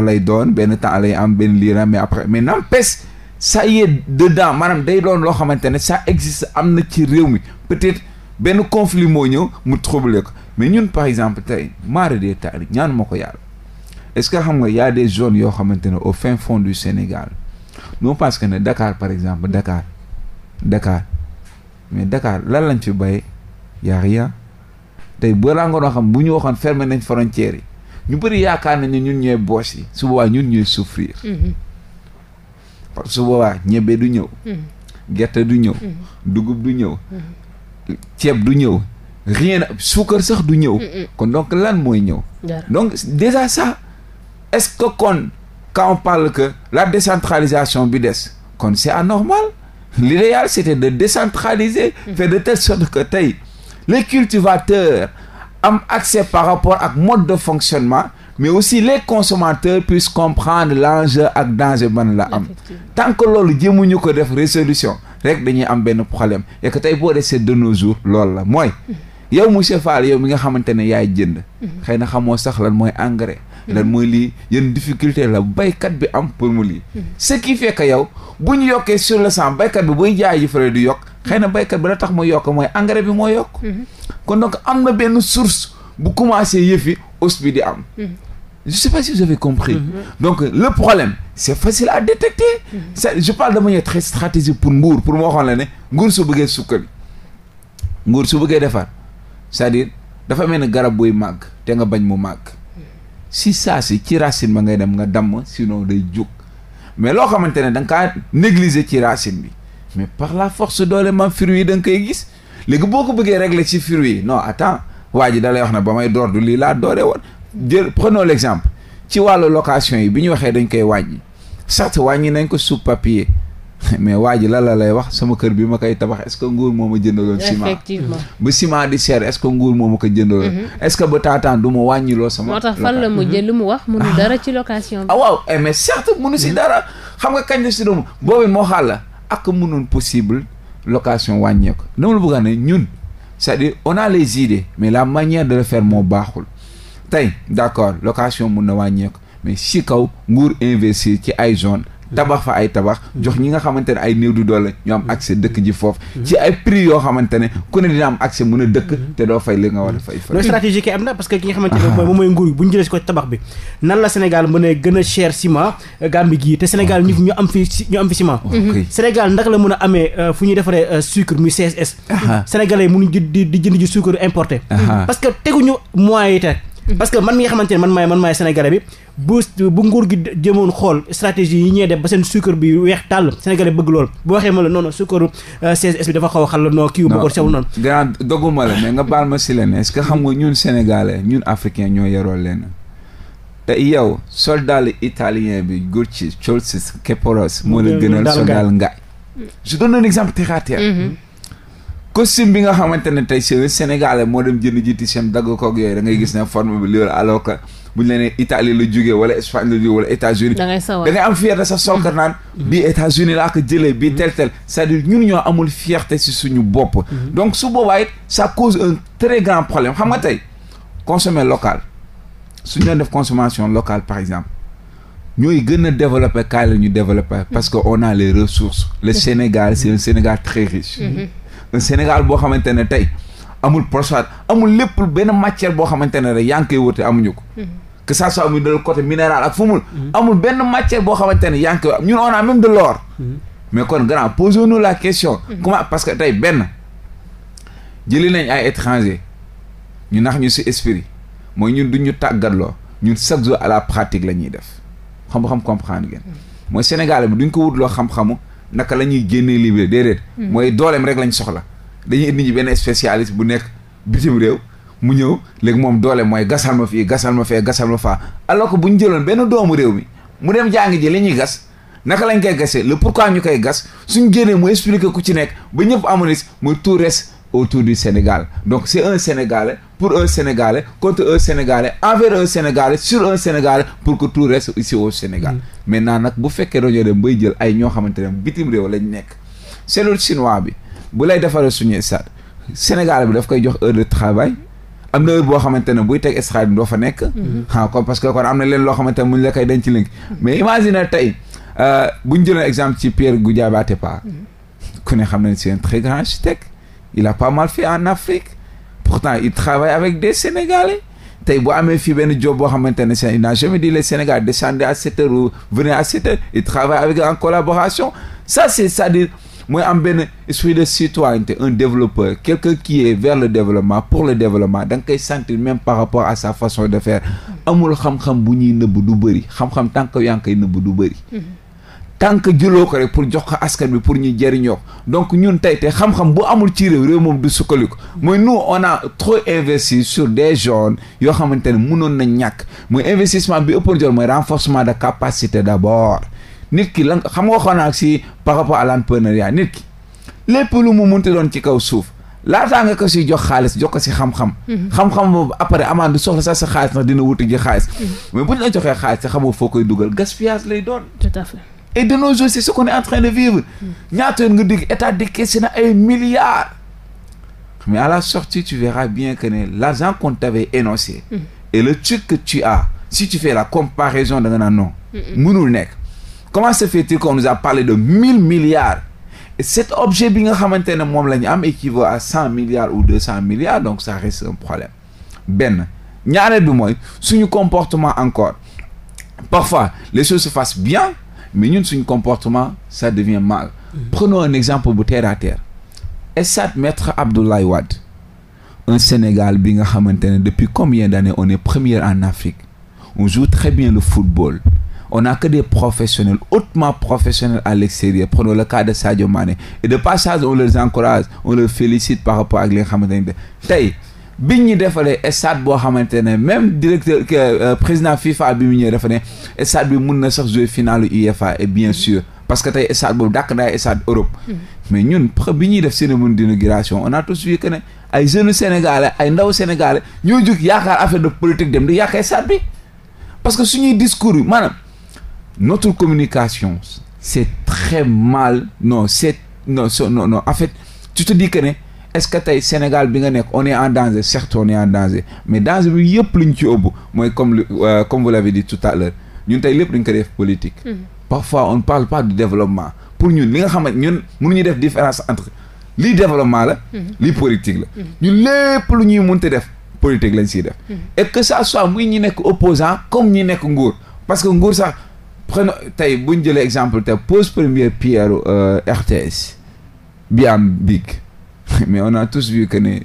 lay doon benn temps lay am benn liira après mais n'empêche ça y est dedans maanaam day doon loo xamante ne ça existe am na ci réew mi peut-être benn conflit moo ñëw mu troublé ko mais ñun par exemple tey maara dee taali ñaan ma ko yàlla est-ce que xam nga y a des zones yoo xamante ne au fin fond du Sénégal non parce que ne Dakar par exemple Dakar Dakar mais Dakar lan lañ fi bay yaa tey bëraa nga doon xam bu ñu waxoon fermé nañ frontières yi ñu bëri yaakaar nañ ne ñun ñooy boos yi su boobaa ñun ñooy souffrir. parce mm-hmm. que su boobaa ñebbe du ñëw. Mm-hmm. gerte du ñëw. Mm-hmm. dugub du ñëw. ceeb du ñëw. rien suukar sax du ñëw. kon donc lan mooy ñëw. donc déjà ça est-ce kon quand on la décentralisation bi des kon c'est anormal l'idéal c'était de décentraliser. faire de telle sorte que tey. les cultivateur am accès par rapport ak mode de fonctionnement mais aussi les consommateurs puissent comprendre l'enjeu ak danger ban la am tant que loolu jéemuñu ko def résolution rek dañuy am benn problème et que tey boo desee de nos jours loolu la mooy hmm. yow monsieur Fall yow mi nga xamante ne yaay jënd hmm. xëy na xamoo sax lan mooy engrais lan mooy lii yenn difficulté la baykat bi am pour mu lii hmm. ce qui fait yow bu ñu yokkee sur le champ baykat bi buy jaay ji fële du yokk xëy na baykat bi la tax mu yokk mooy engrais bi moo yokk hmm. kon donc am na benn source bu commencé yëfi hausse bi di am hmm. je sais pas si vous avez compris donc le problème c'est facile à détecter c'est je parle de manière très pour nguur pour moo xam la ne nguur su bëggee sukka bi nguur su bëggee defar cest à dafa mel ni garab buy màgg te nga bañ mu màgg si saa si ci racine ba ngay dem nga damm sinon day jóg mais loo xamante ne da nga kaa négliger ci racine bi mais par la force doole mam fruit yi da koy gis léegi boo ko bëggee régler ci fruit yi non attends waa ji da lay wax ne ba may door du lii laa dooree woon jël prenons l'exemple ci wàllu location yi bi ñu waxee dañ koy wàññi certes wàññi nañ ko sous papier mais waa ji la la lay wax sama kër bi ma koy tabax est-ce que nguur moo ma jëndaloon ciment effectivement ba ciment di seer est nguur moo ma ko jëndaloon mhm. est-ce que ba taataan du ma wàññiloo sama moo tax fan la mu jël lu mu wax munu mhm. dara ci location bi ah waaw eh, mais certes munu si mhm. dara xam nga kañ la si doom moo xaal la ak munoon possible location wàññeeku dama la bëgg a ñun c'est-à-dire on a les idées mais la manière de le faire moo baaxul tey d'accord location mun na wàññeeku mais si kaw nguur investir ci ay zone tabax fa ay tabax jox ñi nga xamante ne ay néew du doole ñu am accès dëkk ji foofu mhm. ci ay prix yoo xamante ne ku ne dina am accès mën a dëkk mhm. te doo fay li nga war a mhm. fay fa loolu stratégie kay am na parce que ki nga xamante ne ah. mooy moom nguur gi bu ñu jëlee si ko tabax bi nan la Sénégal mën a gën a cher ciment euh, Gambie gii te Sénégal ñu ñu am fi ñu am fi ciment Sénégal ndax la mën a amee euh, fu ñu defaree euh, sucre muy CSS Sénégalais mënuñ di di jënd ji sucre importé parce que teguñu moyens yi parce que man mi nga xamante ne man maay man maay sénégalais bi bu bu nguur gi jëmoon xool stratégie yi ñee def ba seen sucre bi yu weex tàll sénégalais bëgg loolu boo waxee ma la noonu sucre 16S euh, bi dafa xaw a xal noo kii bu sew noonu grand dogguma la mais nga baal ma si leen est-ce que xam nga ñun sénégalais ñun africain ñoo yaroo leen te yow soldat italien bi Gucci Colsis Keporos moo la gënal soldat nga mm. je donne un exemple terre costume bi nga xamante ne tey chéré sénégalais moo dem jënd ji t-shirt dagg koog yooyu da ngay gis ne forme bi lii la alors que bu ñu la nee Italie la jógee wala Espagne la jógee wala États-Unis da ngay sawar da ngay am fierté sax sonkar naan mm-hmm. bii États-Unis laa ko jëlee bii tel tel c'est-à-dire nu ñoo amul fierté si suñu bopp mm-hmm. donc su boobaa it ça cause un très grand problème xam nga tey consommer local suñu doon def consommation local par exemple ñooy gën a développé kaay ñu développé parce que on a les ressources le Sénégal Sénégal très Sénégal boo xamante ne tey amul phosphate amul lépp benn matière boo xamante ne rek yaa ngi amuñu ko. Mhm. que ça soit muy côté minéral ak fu mul mhm. amul benn matier boo xamante ne yaa ngi koy ñun on a même de l'or mhm. mais kon grand posons-nous la question. comment parce que tey benn jëli ay étranger ñu nax ñu si esprit mooy ñun du ñu tàggatloo ñun chaque jour à la pratique la ñuy def xam-xam comprendre ngeen. mooy Sénégal bi duñ ko wutloo xam-xamu. naka la ñuy génnee libéré déedéet. Hmm. mooy dooleem rek lañ soxla. dañuy indi ñi benn spécialiste bu nekk bitim réew mu ñëw léegi moom dooleem mooy gasal ma fii gasal ma fee gasal ma faa alors que bu ñu jëloon benn doomu réew mi mu dem jàngi ji li ñuy gas. naka lañ koy gasee le pourquoi ñu koy gas suñ génnee mu expliqué ku ci nekk ba ñëpp amonis mooy tout res autour du Sénégal donc c'est un Sénégalais pour un Sénégalais contre un Sénégalais envers un Sénégalais sur un pour que tout reste ici au Sénégal mm. maintenant nag bu fekkee dañoo dem bay jël ay ñoo xamante ne bitim réew lañ nekk cellule chinois bi bu lay defaree suñu stade Sénégal bi daf koy jox heure de boo xamante ne buy teg stade bi doo fa nekk mm-hmm. ah parce que kon am na leen loo xamante ne mu ñu la koy denc link mais imagine tey euh, bu ñu jëloon exemple ci Pierre Goudiaby Atepa mm-hmm. ku ne xam ne c'est un très grand architecte il a pas mal fait en Afrique pourtant il travaille avec des Sénégalais tey boo amee fii benn job boo xamante ne il n'a jamais dit les Sénégalais descendez à sept heures ou venez à sept heures il travaille avec en collaboration ça c'est cest dire mooy am benn esprit de citoyenneté un développeur quelqu'un qui est vers le développement pour le développement da nga koy sentir même par rapport à sa façon de faire amul xam-xam bu ñuy nëbb du bëri xam-xam tant nëbb du bëri mm-hmm. tant que ko rek pour jox ko askan bi pour ñu jëriñoo donc ñun tey te xam-xam bu amul ci réew réew moom du sukkaliku mooy nous on a trop investi sur des jeunes yoo xamante ne mënoon na ñàkk mooy investissement bi ëppoon jël renforcement de capacité d'abord nit ki lan xam nga waxoon naa si par rapport à nit ki lépp lu mu munti doon ci kaw suuf laataa nga ko si jox xaalis jox ko si xam-xam. Mhm. xam-xam boobu après du soxla sax sa xaalis ndax dina wuti ji xaalis. Mhm. mais bu ñu la joxee xaalis te xamoo foo koy dugal gaspillage lay doon. et de nos jours c'est ce qu'on est en train de vivre ñaata yoon nga dégg état décaissé na ay milliards mais à la sortie tu verras bien que ne l'argent qu'on t'avait énoncé mm. et le truc que tu as si tu fais la comparaison de nga naan non mënul nekk comment se fait-il qu'on nous a parlé de mille milliards et cet objet bi nga xamante ne moom la ñu am équivaut à cent milliards ou deux cent milliards donc ça reste un problème benn ñaareel bi mooy suñu comportement encore parfois les choses se bien mais ñun suñ comportement ça devient mal prenons un exemple bu terre à terre Essat Maître Abdoulaye wad un Sénégal bi nga xamante ne depuis combien d'années on est premier en Afrique on joue très bien le football on n'a que des professionnels hautement professionnels à l'extérieur prenons le cas de Sadio Mané et de passage on les encourage on les félicite par rapport ak li nga xamante ne bi ñu defalee stade boo xamante ne même directeur euh, président FIFA bi mu ñëwee dafa ne stade bi mun na sax jouer finale UEFA et bien mm-hmm. sûr parce que tey stade boobu dàkk naa stade Europe. Mm-hmm. mais ñun bi ñuy def cérémonie d'inauguration on a tous vu que ne ay jeunes sénégalais ay ndaw sénégalais ñoo jóg yaakaar affaire de politique dem di yàq stade bi parce que suñuy discours yi maanaam notre communication c'est très mal non c'est non non non fait tu te dis est-ce que tey Sénégal bi nga nekk on est en danger certes on est en danger mais danger bi yëpp lu ñu ci mooy comme lu euh, comme vous l'avez dit tout à l'heure ñun tey lépp dañ ko def politique mm-hmm. parfois on ne parle pas du développement pour ñun li nga xamante ñun mënuñu def différence entre lii développement la mm-hmm. lii politique la mm-hmm. lu ñuy mënte def politique lañ siy def et que ça soit muy ñi nekk opposant comme ñu nekk nguur parce que nguur sax prenons tey buñ jëlee exemple tey pose première pierre euh, RTS bi am big mais on a tous vu que ne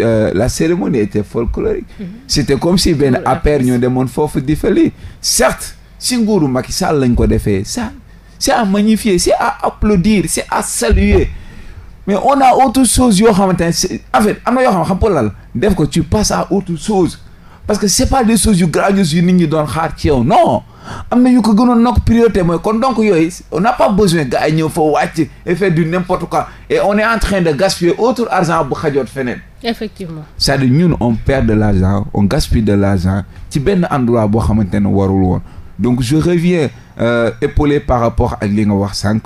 euh, la cérémonie était folklorique mm -hmm. c'était comme si benn affaire ñoo demoon foofu di fa lii certes si nguuru Macky Sall lañ ko defee sa c'est à magnifier c'est à applaudir c'est à saluer mais on a autre chose yoo xamante ne en fait yoo xam xam pour def ko tu passes à autre chose parce que c'est pas des choses yu grandioses yu nit ñi doon xaar ci yow non am na yu ko gënoon nokk priorité mooy kon donc yooyu on n'a pas besoin gars ñëw fa wàcc effet faire du n'importe quoi et on est en train de gaspiller autre argent bu xajoot feneen. effectivement c'est-à-dire ñun on perd de l'argent on gaspille de l'argent ci benn endroit boo xamante ne warul woon donc je reviens euh, par rapport ak li nga wax sànq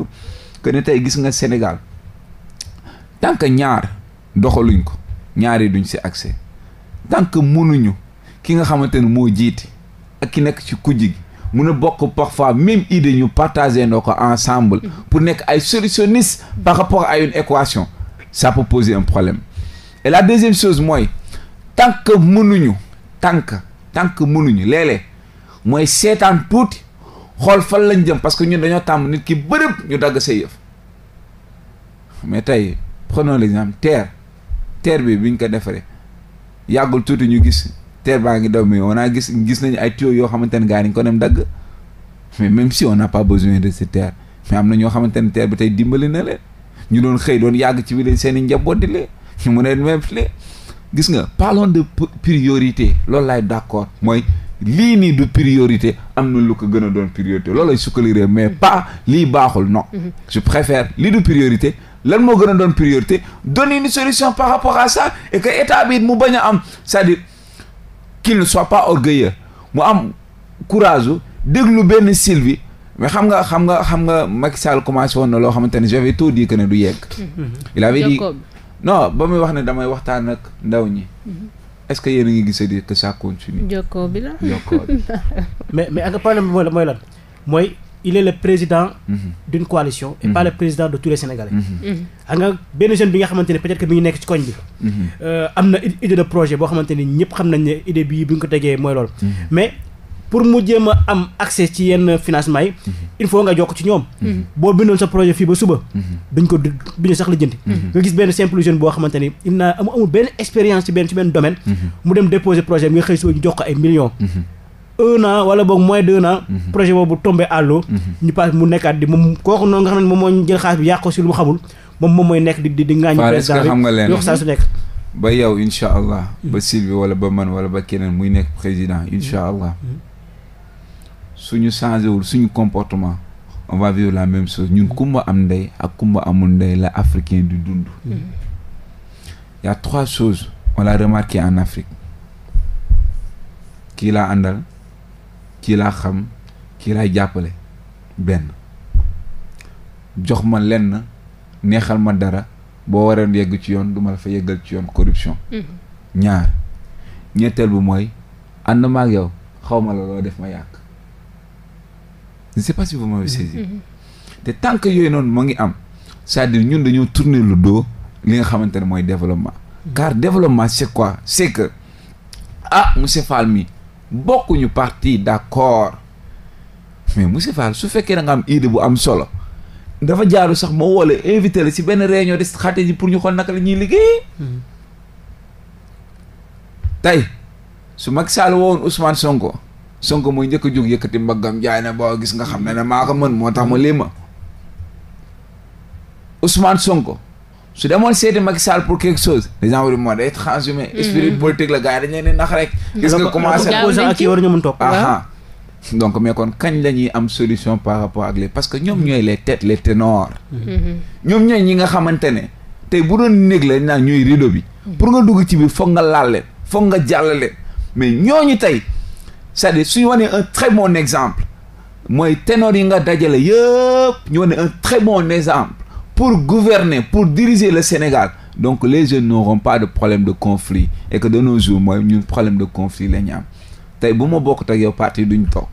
que ne tey gis nga Sénégal tant que ñaar doxaluñ ko ñaari duñ si accès tant que mënuñu ki nga xamante ne moo jiite ak ki nekk ci kujj gi. mun ne bokk parfois même idée ñu partager noo ko ensemble pour nekk ay solutionniste par rapport à une équation ça peut poser un problème et la deuxième chose mooy tant que mënuñu tant que tant que mënuñu léeg mooy seetaan tuuti xool fan lañ jëm parce que ñun dañoo tàmm nit ki bërëb ñu dagg sa yëf mais tey prenons l'exemple ter terre bi bi ñu ko defaree yàggul tuuti ñu gis terre baa ngi daw mais a gis gis nañu ay tuyaux yoo xamante ne gars yi ko dem dagg mais même si on de a même fii gis nga mooy lii nii du priorité am na lu ko gën a doon priorité loolay sukkali réew mais mhm. pas lii baaxul non. Mhm. je préfère lii du priorité. lan moo gën a doon priorité donner une solution par rapport à état bi mu bañ a am cest à qu'il ne soit pas orgueilleux mu am courage u déglu benn Sylvie mais xam nga xam nga xam nga Macky Sall commencé woon na loo xam xamante ne j'avais tout dit ne du yegg mm-hmm. il avait dit non ba muy wax ne damay waxtaan ak ndaw ñi mm-hmm. est-ce que yéen a ngi gis dire que ça jokkoo bi la jokkoo bi mais mais ak problème bi mooy la mooy lan mooy il est le président mhm. d'une coalition et pas mhm. le président de tous les sénégalais xam mhm. ah, nga benn jeune bi nga xamante ne peut-être que mi ngi nekk ci koñ bi euh, am na idée de projet boo xamante ni ñëpp xam nañ ne idée bi ko tegee mooy loolu mais pour mu jéem a am accès ci yenn financement yi il faut nga jokk ci ñoom boo bindoon sa projet fii ba suba duñ ko duñu sax la jënd nga gis benn simple jeune boo xamante ni il n'a amul benn expérience ci benn ci benn domaine mu dem déposer projet bi nga xëy suba ñu jox ko ay millions un an wala boog moins d' un mhm. projet boobu tombé à l'eau mhm. mu nekkaat di kooku noonu nga xam yàq ko si lu moom moom mooy nekk di di di. ngaañ président xam nga leen ba yow incha allah. ba mhm. Sylvie wala ba man wala ba keneen muy nekk président incha allah. suñu changé wul suñu comportement. on va vivre la même chose ñun kumba am ndey ak kumba amul ndey la africain du dund. y' a trois choses on remarqué en Afrique kii laa àndal. kii laa xam kii laay jàppale benn jox ma lenn neexal ma dara boo wareen yegg ci yoon duma la fa ci yoon corruption mm-hmm. ñaar ñetteel bu mooy ànd ma ak yow xaw ma la def ma yàq je ne sais pas si mm-hmm. Mm-hmm. te tant que yooyu noonu moo ngi am cest dire ñun dañoo tourner lu doo li nga xamante ne mooy développement car développement c'est quoi c'est que ah monsieur Fall mi bokkuñu parti d'accord mais monsieur Fall su fekkee da nga am idée bu am solo dafa jaaru sax ma woo la invité la si benn réunion de stratégie pour ñu xool naka la ñuy liggéey tey su Macky Sall wowoon Ousmane Sonko Sonko mooy njëkk jóg yëkkati mbaggam jaay na boo gis nga xam ne ne maa ko mën moo tax ma léema ma Sonko su demoon seeti Macky Sall pour quelque chose les gens moo day transhumé esprit politique la gars yi dañ leen di nax rek gis nga commencé ak war ñu mën toog aha donc mais kon kañ la ñuy am solution par rapport ak les parce que ñoom ñooy les têtes les ténors mm-hmm. ñoom ñooy ñi nga xamante ne tey bu doon néeg la naan ñooy rideau bi mm-hmm. pour nga dugg ci biir foog nga laal leen foog nga jàll leen mais ñooñu tey c'est-à-dire suñu wane un très bon exemple mooy ténor yi nga dajale yëpp ñu wane un très bon exemple pour gouverner pour diriger le Sénégal donc les jeunes n'auront pas de problème de conflit et que de nos mooy ñun problème de conflit la ñu tey bu ma bokkut ak yow parti duñ toog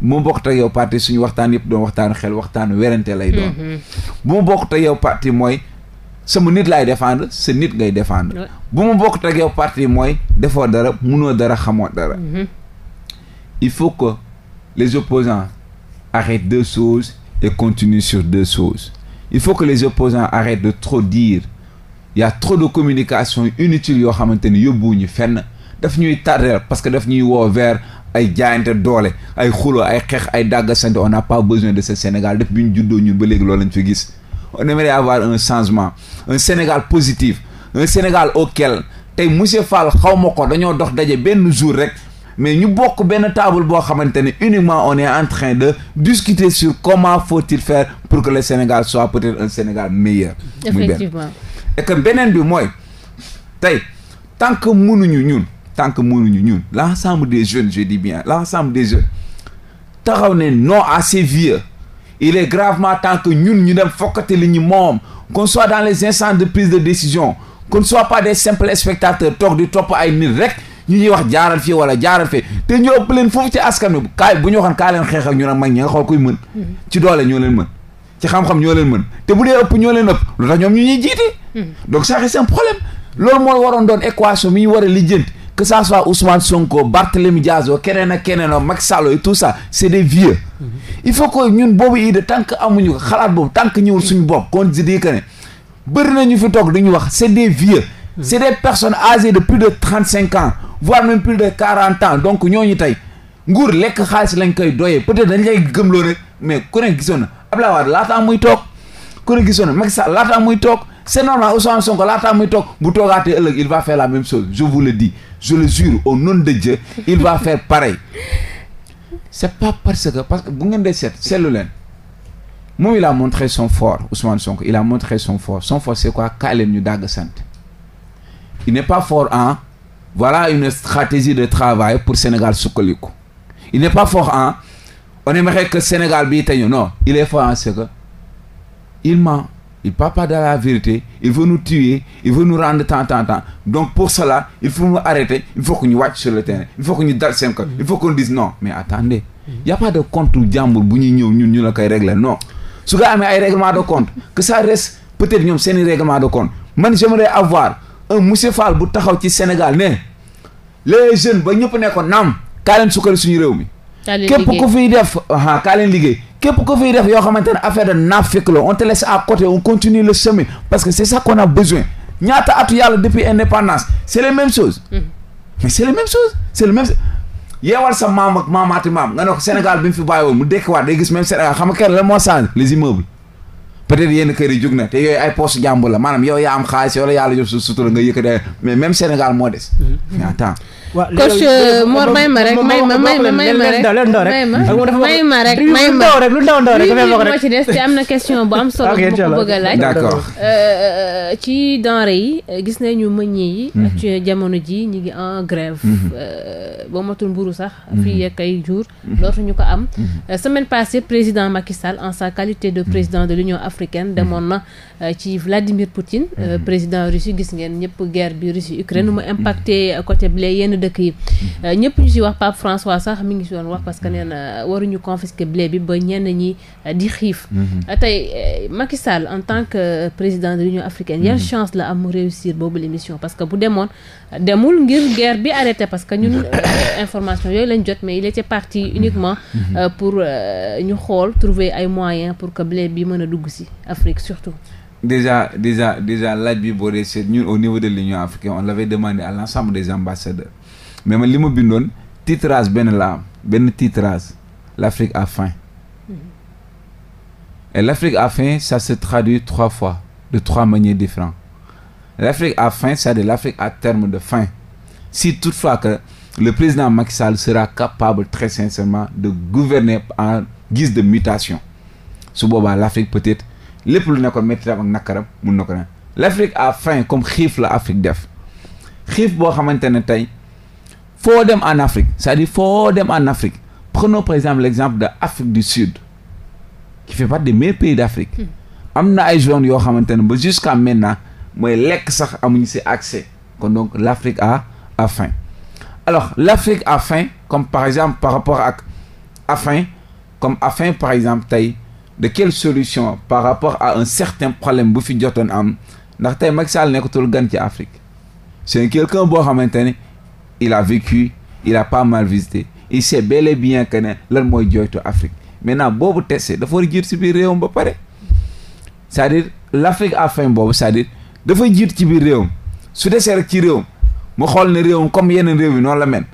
bu ma bokkut ak yow parti suñu waxtaan yëpp doon waxtaan xel waxtaan werante lay doon mm-hmm. bu ma bokkut ak yow parti mooy sama nit laay défendre sa nit ngay défendre bu ma bokkut ak yow parti mooy defoo dara munoo dara xamoo dara mm-hmm. il faut que les opposants arrêtent deux choses et continuent sur deux il faut que les opposants arrêtent de trop dire il y trop de communication inutile yoo xamante ni yóbbuwuñu fenn daf ñuy tardeel parce que daf ñuy woo vers ay jaayante doole ay xuloo ay xeex ay dàgga sant on n'a pas besoin de ce Sénégal def bi ñu juddoo ñun ba léegi loolu lañ fi gis on aimerait avoir un changement un Sénégal positif un Sénégal auquel tey monsieur Fall xaw ma ko dañoo dox daje benn jour rek mais ñu bokk benn table boo xamante ne uniquement on est en de discuter sur comment faut-il faire pour que le Sénégal soit peut-être un Sénégal meilleur. effectivement et que beneen bi mooy tey tant que mënuñu ñun tant que mënuñu ñun l'ensemble des jeunes je dis bien l'ensemble des jeunes taxaw ne non à ces il est gravement temps que ñun ñu dem fokkate li ñu moom qu'on soit dans les instances de prise de décision qu'on ne soit pas des simples spectateurs toog di topp ay nit rek ñu ñuy wax jaaral fii wala jaaral fii te ñu ëpp leen foofu ci askan bi kaay bu ñu waxoon kaa leen xeex ak ñu ne mag ñi nga mën ci doole ñoo leen mën ci xam-xam ñoo leen mën te bu dee ëpp ñoo leen ëpp lu tax ñoom ñu ñuy jiite donc ça c'est un problème loolu moo waroon doon équation mi ñu war a lijjanti que ça soit Ousmane Sonko Barthélémy Diaz keneen ak keneen ak Macky Sall et tout ça c' est des vieux il faut que ñun boobu idée tant que amuñu ko xalaat boobu tant ñëwul suñu bopp kon di que ne bëri na ñu wax c' est des vieux mm. c' est des personnes âgées de plus voire même plus de quarante ans donc ñooñu tey nguur lekk xaalis lañ koy doyee peut-être dañ lay gëmloo rek mais ku ne gisoon na Abdoulaye Wade laataa muy toog ku ne gisoon na Macky muy toog c'est normal Ousmane Sonko laataa muy toog bu toogaatee ëllëg il va faire la même chose je vous le dis je le jure au nom de Dieu il va faire pareil c'est pas parce que parce que bu ngeen dee seet seetlu leen moom il a montré son fort Ousmane Sonko il a montré son fort son fort c'est ñu dàgg sant voilà une stratégie de travail pour Sénégal sukkaliku il n'est pas fort en on aimerait que Sénégal bii teñu non il i fort en ce que il ment il parle pas de la vérité il veut nous tuer il veut nous donc pour cela il faut nous arrêter il faut que ñu wàcc sur le terrain il faut que ñu dal seen kaw il faut qu'on dise non mais attendez il y a pas de compte jàmbur bu ñuy ñëw ñun ñu la koy régler non su nga amee ay règlement de compte que ça reste peut-être ñoom seen i règlement de compte man j'aimerais avoir un monsieur Fall bu taxaw ci Sénégal ne les jeunes ba ñëpp nekkoon naam kaa leen sukkali suñu réew mi képp ku fiy def aha kaa leen liggéey képp ku fiy def yoo xamante ne affaire de naaféq la on te laisse à côté on continue le chemin parce que c'est ça qu'on a ñaata atu yàlla depuis indépendance c'est les mêmes choses mm. mais sa maamaati maam nga ne ko Sénégal bi mu fi bàyyi woon mu dekkiwaat day gis même Sénégal xam nga kenn la moo change les immeubles peut-être yenn kër jug na te yooyu ay poste jàmbur la maanaam yow yaa am xaalis yow la yàlla jox su sutura nga yëkkate mais même Sénégal moo des. Mm-hmm. mais waaw coach Mor may ma rek may ma may ma may ma rek may ma may ma rek may ma lu ndaw ndaw rek moo ci des te am na question bu am solo bu ko bëgg a laaj d'accord ci denrée yi gis nañu meññe yi ak ci jamono ji ñi ngi en grève boo matul mburu sax fii ak ay jour dootuñu ko am semaine passée président Macky Sall en sa qualité de président de l'Union africaine demoon na ci Vladimir Poutine président Russie gis ngeen ñëpp guerre bi Russie Ukraine mu impacté côté blé yenn dëkk yi euh, ñëpp ñu si wax Pape François sax mi ngi si doon wax parce que nee euh, waruñu confisquer blé bi ba ñenn ñi euh, di xiif mhm. tey Macky Sall en tant que président de l'Union africaine yan mhm. chance la am mu réussir boobu l'émission parce que bu demoon demul ngir guerre bi arrêté parce que ñun information yooyu lañ jot mais il était parti mhm. uniquement pour ñu xool trouver ay moyens pour que blé bi mën a dugg si Afrique surtout déjà déjà déjà laaj bi boo dee seet ñun à l'ensemble des ambassadeurs mais ma li ma bindoon titrage benn la am benn titrage l'Afrique a faim mm. et l'Afrique à faim ça se traduit trois fois de trois manières différentes l'Afrique a faim c'est-à-dire l'Afrique à terme de faim si toutefois que le président Macky Sall sera capable très sincèrement de gouverner en guise de mutation su boobaa l'Afrique peut-être lépp lu nekkoon mettitam ak nakkaram mun na ko ne l'Afrique a faim comme xiif la Afrique def xiif boo xamante ne tey foo dem en Afrique c'est-à-dire foo dem en Afrique prenons par exemple l'exemple de Afrique du Sud qui fait partie des meilleurs pays d'Afrique hmm. am na ay zones yoo xamante ne ba jusqu'à maintenant mooy lekk sax amuñu ci accès kon donc l'Afrique a a faim alors l'Afrique a fin comme par exemple par rapport ak a comme a par exemple tey de quelle solution par rapport à un certain problème bu fi jotoon am ndax tey Macky Sall nekkatul gan ci Afrique c'est quelqu'un boo xamante ne il a vécu il a pas mal visité il sait bel et bien que ne lan mooy jooytu Afrique maintenant boobu testé dafa war a jiit ci biir réewam ba pare c'est-à-dire l'Afrique à faim boobu cest à dafa jiit ci biir réew réewam su desee rek ci réewam mu xool ne réewam comme yeneen réew yi noonu la mel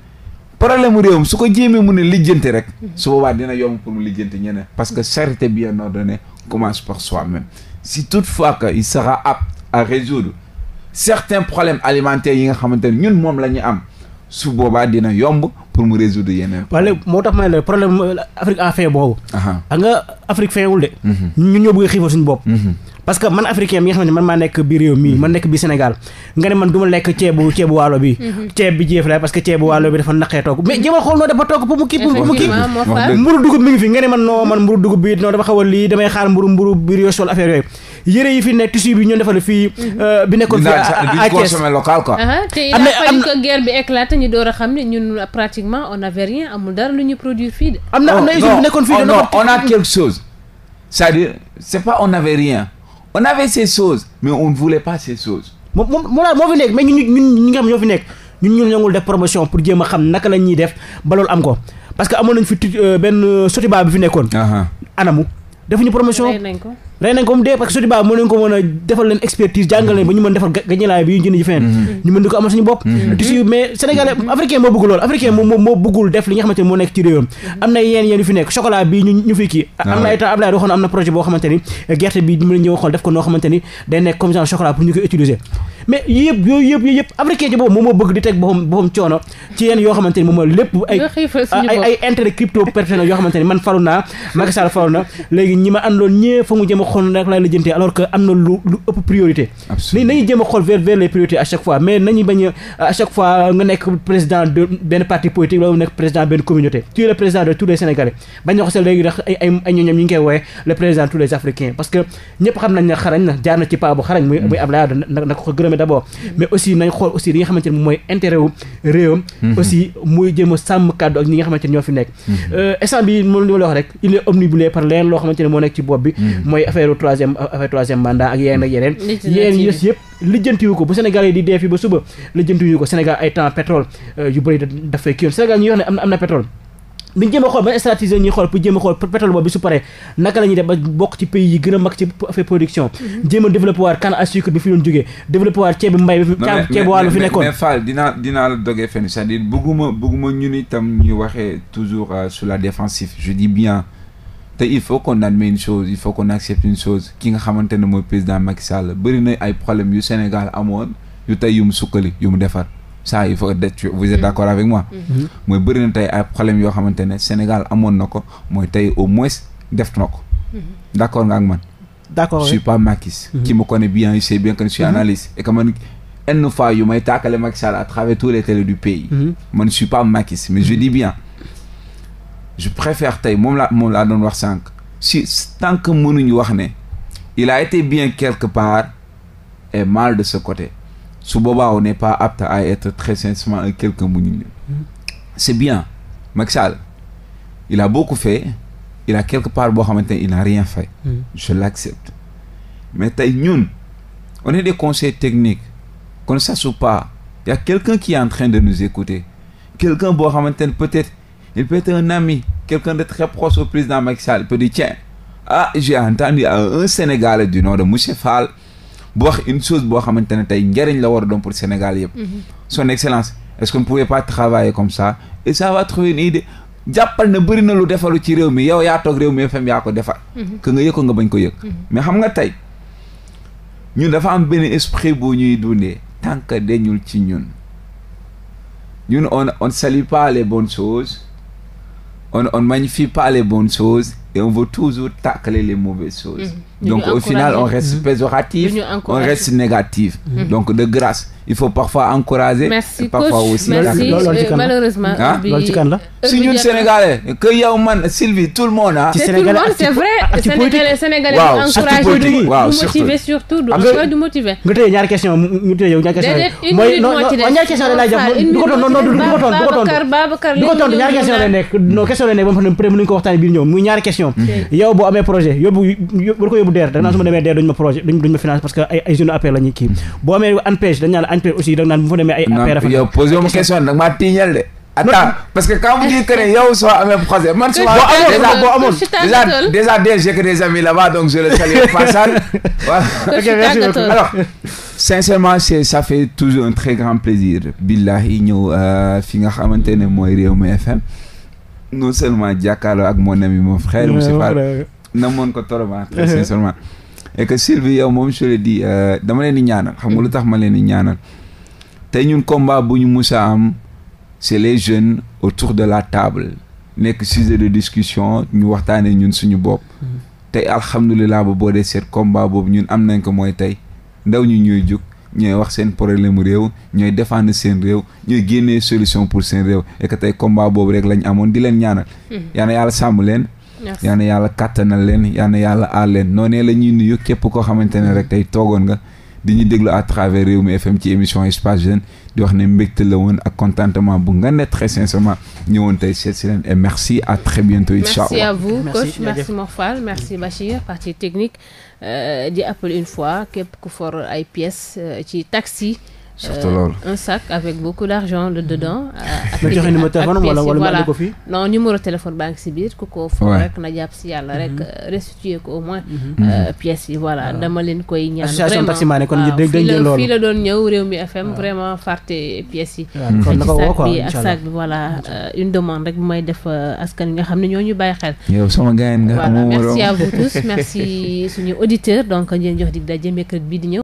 problème mu réewam su ko jéemee mu ne lijjanti rek su boobaa dina yomb pour mu lijjanti ñeneen parce que charité bien ordonnée commence par soi-même si toutefois que il sera apte à résoudre yi nga xamante ne ñun moom la ñu am su boobaa dina yomb pour mu résoudre yeneen. wala moo tax ma ne la problème Afrique en fin boobu. xam nga Afrique finwul de. Mhm. ñun ñoo bëgg a xiifal suñu bopp. Mhm. parce que man africain bi nga ne man maa nekk bi réew mii mhm. man nekk bi Sénégal nga ne man du lekk ceebu ceebu waalo bi. ceeb bi jeef la parce que ceebu waalo bi dafa naqee togg mais jéemal xool noo dafa togg pour mu kii pour mu kii mburu dugub mi ngi fi nga ne man noo man mburu dugub bi noo a lii damay yëre yi fi nekk tissu bi ñoo defal fii. Mhm. Euh, bi nekkoon fii à Thiès consommé xam ne ñun pratiquement on avait rien amul dara lu ñu produire fii de. am na am na usine oh, bu nekkoon fii de non on a quelque chose. cest nekk mais ñun ñun ñi nga xam ñoo fi nekk ñun ñun ñoo ngi def promotion pour jéem a xam naka la ñuy def ba loolu am ko parce que amoon nañ fi euh, benn sotiba bi fi nekkoon. anamu. defuñu promotion. rey nañ ko rey nañ ko mu dee parce que Sotiba mën nañ ko mën a defal leen expertise jàngal ba ñu mën defar gañelaay bi ñu jënd ji feneen mm-hmm. ñu mën di ko amal suñu bopp mm-hmm. tissu mais sénégalais africain moo bëggul loolu africain moo moo def li nga xamante ni moo nekk ci réewam mm-hmm. am na yeen yeen yu fi nekk chocolat bi ñu ñu fi kii ah am na ay temps Abdoulaye waxoon am na projet boo xamante ni gerte bi ñu mën ñëw xool def ko noo xamante day nekk comme mais yëpp yooyu yëpp yooyu yëpp africain ci boobu moom moo bëgg di teg boppam boppam coono ci yenn yoo xamante moom lépp ay ay ay intérêt yoo xamante man falu naa Macky léegi ñi ma àndoon ñee fa nga nekk président benn parti politique loolu nekk président benn communauté tu es le de tous les Sénégalais bañ a ko léegi ay ay ay ñooñam ñu le président tous les Africains parce que ñëpp xam nañ ne xarañ na jaar na ci paa xarañ muy muy Abdoulaye mi d' abord mais aussi nañ xool aussi li nga xamante ne mooy intérêt wu réewam mhm. aussi muy jéem a sàmm kàddu ak ñi nga xamante ne ñoo fi nekk mhm. euh, instant bi moom li ma la wax rek il est omnibulé par leneen loo xamante ne moo nekk ci bopp bi mhm. mooy affaire troisième euh, affaire troisième mandat ak yeneen ak yeneen yeneen yi des yëpp lijjantiwu ko bu Sénégal yi di dee fi ba suba lijjantiwu ko Sénégal ay temps pétrole euh, yu bëri dafay kiyoon Sénégal ñu wax ne am na am na pétrole dañ jéem a xool ban stratégie ñuy xool pour jéem a xool pétrole boobu bi su paree naka la def ba bokk ci pays yi gën a mag ci affaire production mhm. jéem a développé waar canne à sucre bi fi doon jógee développé waar ceeb mbay bi ceeb wàllu fi nekkoon mais dinaa dogee fenn c'est-à-dire bugguma ñu ñun tam ñuy waxee toujours euh, su la défensive je dis bien te il faut qu'on admet une chose il faut qu'on accepte une chose ki nga xamante ne mooy président Macky Sall na ay problèmes yu Sénégal amoon yu tey yu mu sukkali yu mu defar ça il faut être mm-hmm. mooy mm-hmm. bëri na tey ay problème yoo xamante ne Sénégal amoon na ko mooy au moins def na ko. Mm-hmm. d'accord nga ak man. d'accord je suis pas Macky. qui me connaît bien il sait bien que je suis analyste et yu may taakale Macky Sall à travers tous les télés du pays. man je suis pas Macky mais je dis bien. je préfère tey moom la moom laa doon wax sànq si tant que mënuñu wax ne il a été bien quelque part et mal de ce côté su boobaa on n'est pas apte à être très sincèrement quelqu'un bu c'est bien Macky Sall il a beaucoup fait il a quelque part boo xamante ne il n'a rien fait hmm. je l'accepte mais tey ñun on des conseils techniques qu'on ne sache pas il y a quelqu'un qui est en train de nous écouter quelqu'un boo xamante ne peut-être il peut être un ami quelqu'un de très proche au président Macky peut dire tiens ah j'ai entendu euh, un Sénégalais du nom de monsieur Fall bu wax une chose boo xamante ne tey njëriñ la war a doon pour Sénégal yëpp. Mhm. son excellence est-ce qu'on ne pouvait pas travailler comme ça et ça va trouver une idée jàppal na bëri na lu defaru ci réew mi yow yaa toog réew mi FM yaa ko defar. Mhm. que nga yëg ko nga bañ ko yëg. Mhm. mais xam nga tey ñun dafa am benn esprit bu ñuy dundee tant que dañul ci ñun ñun on on salue pas les bonnes choses on on magnifie pas les bonnes choses. et on veut toujours tacler les mauvaises choses. Mmh. donc au final on reste mhm. péjoratif on reste négatif. Mhm. donc de grâce il faut parfois encourager. merci parfois aussi merci malheureusement. ah loolu ci kan la. Euh, si ñun sénégalais euh, que yow man Sylvie tout le monde ah. ci sénégalais c' est vrai sénégalais sénégalais encouragé waaw motivé surtout du du motivé. nga tëjee ñaari question mu tëjee yow ñaari question mooy non ñaari question lay jàpp du ko tontu non du ko tontu du ko tontu du ko tontu ñaari question lay nekk non question lay nekk ba mu xam ne peut-être mënuñu ko waxtaanee biir ñëw muy ñaari question question yow boo amee projet yóbbu war ko yóbbu DER da nga naan su ma demee DER duñ ma projet duñ ma finance parce que ay ay jeunes APR la kii hmm. boo amee ANPEJ dañ naan ANPEJ aussi da naan bu fa demee ay APR fa yow posé ma question maa tiiñal de attends parce que quand vous dites que yow soo amee projet boo amoon déjà déjà déjà j'ai que des amis là-bas donc je les salue au passage ok merci beaucoup c'est ça fait toujours un très grand plaisir billahi euh, nga xamante ne mooy Rewmi FM non seulement jàkkaaloo ak mon ami mon frère monsieur Fall moon ko toroba très sincèrement et que Sylvie yow moom je di dis euh, dama leen di ñaanal xam nga lu tax ma leen di ñaanal tey ñun combat bu ñu musa am c'est les jeunes autour de la table nekk sujet de discussion ñu waxtaanee ñun suñu bopp mm-hmm. tey alhamdulilah ba boo dee seet combat boobu ñun am nañ ko mooy tey ndaw ñu ñuy jug ñooy wax seen problème mu réew ñooy défendre seen réew ñooy génnee solution pour seen réew et que tey combat boobu rek lañ amoon di leen ñaanal. Mm-hmm. yal na yàlla sàmm leen. yal na yàlla kàttanal leen yal na yàlla aar leen noonee la ñuy nuyu képp koo xamante ne rek tey toogoon nga. di ñu déglu à travers Rewmi FM ci émission Espace Jeune di wax ne mbégte la woon ak contentement bu nga ne très sincèrement ñëwoon tey seet si leen et merci à très bientôt incha allah ji euh, appel une fois képp ku for ay pièces euh, ci taxi surtout euh, loolu un sac avec beaucoup d' argent le dedans. nga joxe numéro téléphone wala wala ko fi non numéro téléphone baa ngi si biir ku ko foofu rek na jàpp si yàlla rek mm-hmm. euh, restituer ko au moins. Mm-hmm. Euh, mm-hmm. pièces yi voilà ah. dama leen koy. ñaan vraiment association fii la doon ñëw réew mi FM ah. vraiment fàtte pièces ah, kon na ko woo quoi nga xam ne ñoo ñu bàyyi xel. yow sama gars nga merci à vous merci suñu auditeurs donc ngeen jox dig daje mercredi bi di ñëw.